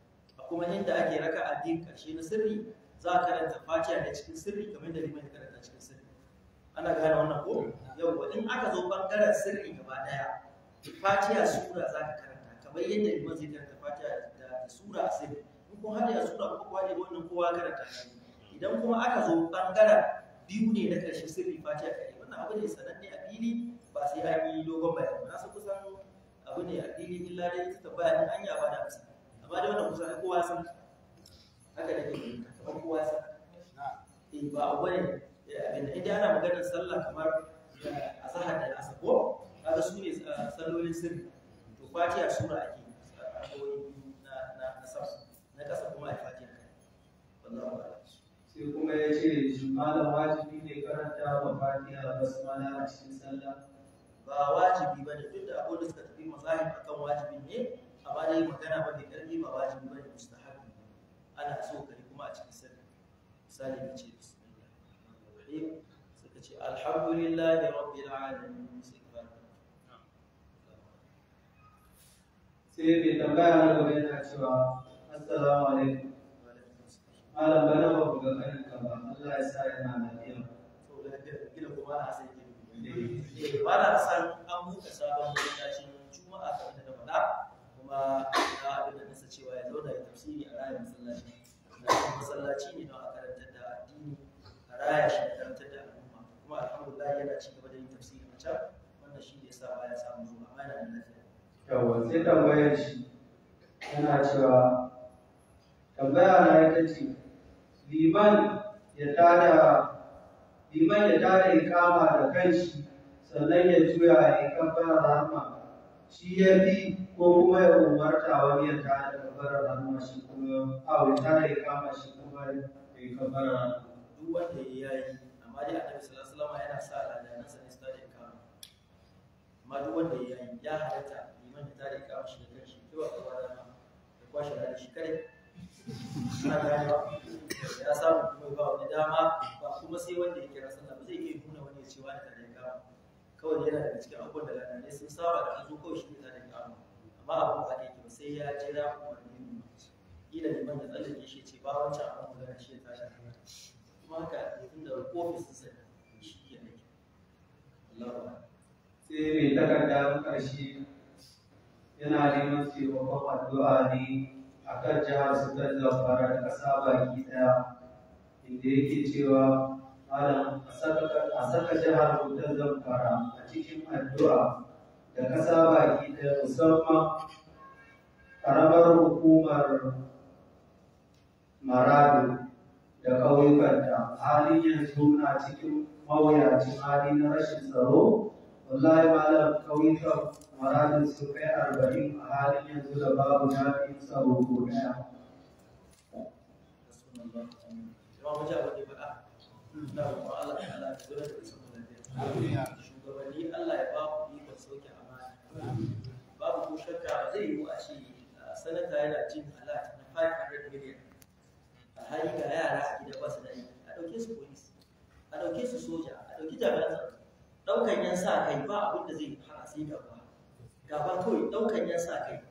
a kuma inda ake raka addin karshe na sirri za a karanta fatiya ne cikin sirri kamar yadda liman ya karanta cikin sirri ana gane wannan ko yau in aka zo bangaren sirri gaba daya fatiha sura za ka karanta kamar yadda imam zai karanta fata da sura sai in kun haɗe a sura kuwa ne wannan kowa karanta idan kuma aka zo ɓangaren biyu ne na ƙarshen sirri fatiha kaɗai wannan abu ne sananne a fili ba sai an yi dogon bayani na su kusan abu ne a fili illa dai ta bayan an yaba da musu amma da wannan kusan kowa san haka da ke kamar kowa san eh, ba abu ne eh, abin da ita ana maganar sallah kamar eh, a zahar da asa ko kaga su ne sallolin sirri fatiha sura ake na kasa kuma a fatiha wallahu a'lam sai kuma ya ce malam wajibi ne karanta wa fatiha basmala a cikin sallah ba wajibi ba ne duk da akwai da suka tafi mazahib akan wajibi ne amma dai magana ba da karfi ba wajibi ba ne mustahabi ana so kare kuma a cikin sallah misali ya ce bismillah suka ce alhamdulillah alhamdulillahi rabbil alamin sai bai tambaya na gaba yana cewa assalamu alaikum malam bana ba ku ga kanin ka ba Allah ya sa eh, ba na an buka sabon masallacin juma'a kamar da faɗa kuma na abin da nasa cewa ya zauna ya tafsiri a rayar masallaci masallaci ne a karantar a raya shi da al'umma kuma alhamdulillah yana ci yawa sai tambayar shi yana cewa tambaya na ce liman ya tada liman ya tada ikama da kanshi sannan ya juya a kabbarar hannu, shi ya fi ko kuma ya umarta wani ya tada kabbarar rahama shi kuma a ya tada ikama shi kuma ya duk wanda ya yi amma dai annabi sallallahu alaihi wasallam yana sa ne amma duk wanda ya yi ya halatta man ta da kama shi da kanshi ki ba kowa da ma da kwashe da shi kare na gane ya samu kuma ba wani dama ba kuma sai wanda ya kira sallah ba zai iya nuna wani ya ce wani da ya kama kawai yana daga cikin abubuwan da lanane sun saba da an zo kawai shi ta da kama amma abin ba da yake ba sai ya jira kuma ne ila liman da tsallin shi ce ba wancan abin magana shi ya tashi kuma haka tun da kofi sun sani shi ya nake Allah sai mai takarda ƙarshe yana neman taimakon addu'a ne a kan jihar su ta zamfara da ƙasa baki ɗaya inda yake cewa malam a saka jihar su ta zamfara a cikin addu'a da ƙasa baki ɗaya musamman ƙaramar hukumar maradu da ƙauyukanta halin yanzu na cikin mawuyacin hali na rashin tsaro wallahi malam ƙauyukan maradin sun kai arba'in a halin yanzu da babu jami'in Shugabanni Allah ya ba ku ikon amana. Babu ko shakka zai yiwu a ce sanata yana cin halat na 500 million. ga yara a gida ba su da A ɗauke su a ɗauke su soja, a ɗauki jami'an tsaro. ɗaukan yan sa kai ba abin da zai hana sai gaba gaba kawai ɗaukan yan sa kai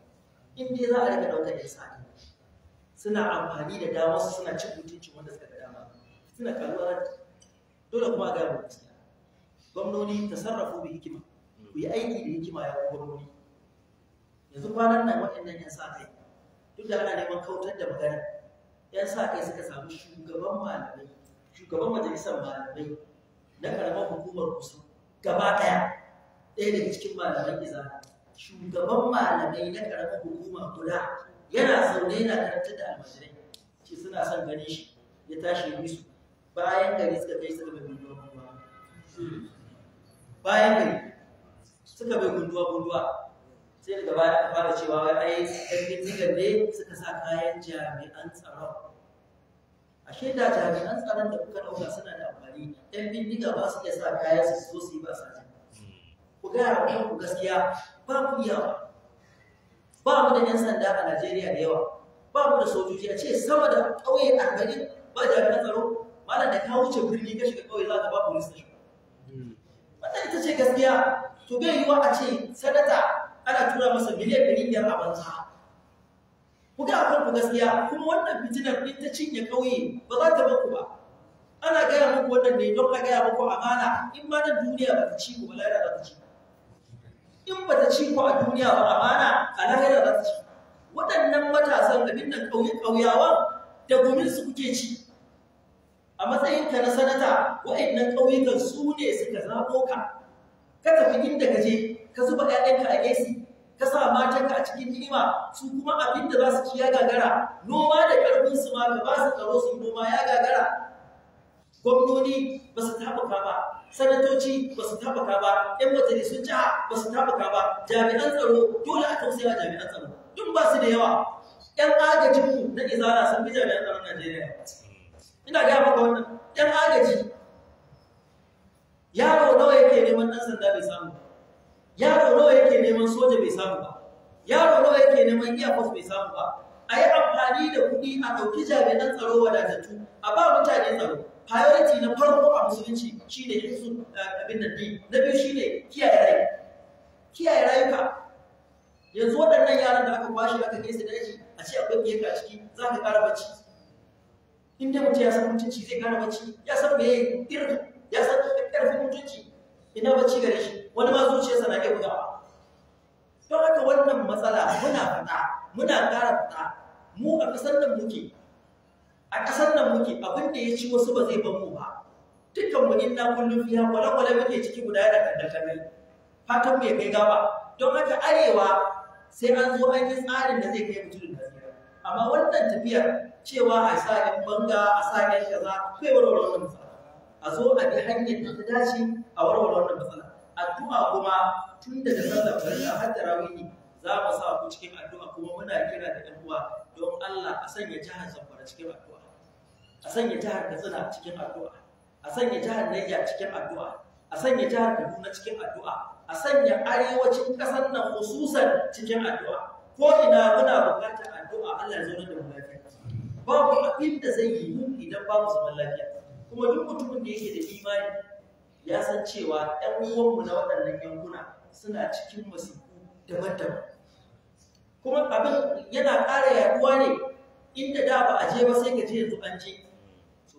in dai za a rika ɗaukan yan sa kai suna amfani da dama suna cin mutunci wanda suka ga dama suna karuwa dole kuma ga mu gaskiya gwamnoni tasarrafu bi hikima ku yi aiki da hikima ya gwamnoni yanzu kwanan nan waɗannan yan sa kai duk da ana neman kautar da magana yan sa kai suka samu shugaban malamai shugaban majalisar malamai na karamar hukumar kusa gaba ɗaya ɗaya daga cikin malaman izana shugaban malamai na ƙaramin hukuma kula yana zaune yana karanta da almajirai ce suna son ganin shi ya tashi ya musu bayan gari suka kai suka bai gunduwa gunduwa bayan gari suka bai gunduwa gunduwa sai daga baya aka fara cewa wai ai ɗanɗin bindigar ne suka sa kayan jami'an tsaron ashe da jami'an tsaron da kuka ɗauka suna da yan bindiga ba su iya sa kaya su so su yi ba sa ku gaya wa ku gaskiya ba ku yawa. ba mu da yan sanda a Najeriya da yawa ba mu da sojoji a ce sama da ƙauye arba'in ba jami'an tsaro malam da ka wuce birni ka shiga ƙauye za ka ba police station Wata ita ce gaskiya to bai yiwa a ce sanata ana tura masa miliyan ɗari biyar a banza ku ga kanku gaskiya kuma wannan fitinar ɗin ta cinye ƙauye ba za ta ku ba ana gaya muku wannan ne don a gaya muku amana in ma na duniya ba ta ci ku ba lahira za ci in ba ta ci ku a duniya ba amana a lahira za ta ci waɗannan matasan da nan ƙauyawa da gumin su kuke ci a matsayinka na sanata waɗannan ƙauyukan su ne suka zaɓo ka ka tafi inda ka je ka zuba ka a gesi, ka sa matanka a cikin ni'ima su kuma abinda da za su ci ya gagara noma da ƙarfinsu ma ka ba su tsaro su noma ya gagara gwamnoni ba su tabuka ba sanatoci ba su tabuka ba yan majalisun jiha ba su tabuka ba jami'an tsaro dole a tausaya jami'an tsaro duk ba su da yawa yan agajin na izara sun fi jami'an tsaron najeriya ina gaya maka wannan yan agaji yaro nawa yake neman ɗan sanda bai samu ba yaro nawa yake neman soja bai samu ba yaro nawa yake neman iyakos bai samu ba a yi amfani da kuɗi a ɗauki jami'an tsaro wadatattu a ba mutane tsaro priority na farko a musulunci shine hisu eh, abin da din na biyu shine kiyaye rai kiyaye rayuka yanzu waɗannan yaran da aka bashi aka kai su daji a ce akwai gefe a ciki za ka ƙara bacci in dai mutum ya san mutunci zai ƙara bacci ya san me irin ya san ƙarfin mutunci ina bacci gare shi wani ma zuciyarsa na iya bugawa don haka wannan matsala muna fita muna ƙara fita mu a ƙasar nan muke a ƙasar nan muke abin da ya ci wasu ba zai ban mu ba dukkan mu inna kullum fiya kwale-kwale muke ciki guda yana kandakamai fatan mu ya kai gaba don haka arewa sai an zo an yi tsarin da zai kai mutum da zai amma wannan tafiyar cewa a sa ne banga a sa ne kaza kai wala wannan matsala a zo a bi hanyar da ta dace a wala wannan matsala addu'a kuma tun daga sallar farilla har tarawih za mu sa ku cikin addu'a kuma muna kira da ɗan uwa don Allah a sanya jihar Zamfara cikin addu'a a sanya jihar da suna cikin addu'a a sanya jihar naija cikin addu'a a sanya jihar kaduna cikin addu'a a sanya arewacin ƙasar nan hususan cikin addu'a ko ina muna buƙatar addu'a allah ya zauna da mu lafiya babu abin da zai yi mu idan babu zaman lafiya kuma duk mutumin da yake da imani ya san cewa ‘yan uwanmu na waɗannan yankuna suna cikin masifu daban-daban kuma abin yana ƙara yaduwa ne inda da ba a je ba sai ka je yanzu an je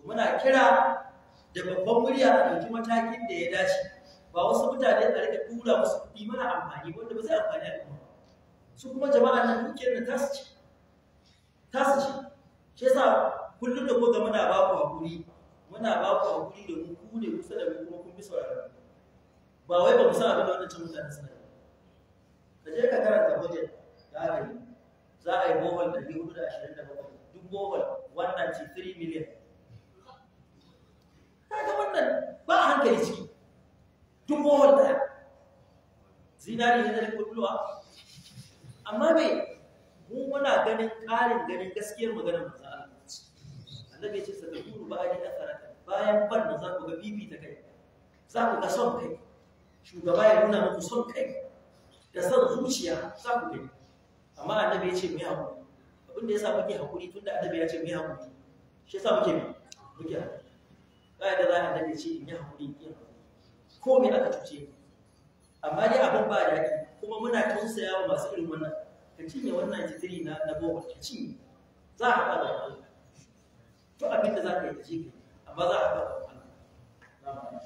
muna kira da babban murya a ɗauki matakin da ya dace ba wasu mutane a rike tura musu kuɗi mana amfani wanda ba zai amfani al'umma su kuma jama'a nan dukiyar da tasu ce tasu ce shi yasa kullum da kuka muna ba ku hakuri muna ba ku hakuri da mu ku ne kusa da mu kuma kun bi sauraron ba wai ba mu san abin da wannan mutane suna yi ka je ka karanta budget da aka yi za a yi bohol bakwai, duk bohol 193 miliyan kaga wannan ba a hankali ciki duk bohol daya zinari ya zari kulluwa amma mai mun muna ganin ƙarin ganin gaskiyar maganar manzo Allah annabi ya ce saka kuru ba a ajin asarata bayan ban da za ku ga bibi ta kai za ku ga son kai shugaba ya nuna muku son kai da son zuciya za ku gani amma annabi ya ce mu yi hakuri abinda ya sa muke hakuri tunda annabi ya ce mu yi hakuri shi sa muke muke hakuri ba yadda za a daga ce in yi haƙuri in ko me aka cuce amma dai abin ba daɗi kuma muna tausaya wa masu irin wannan ka cinye wannan titiri na na bowa ka cinye za a haɗa da Allah to abin da za ka yi ka je amma za a haɗa da Allah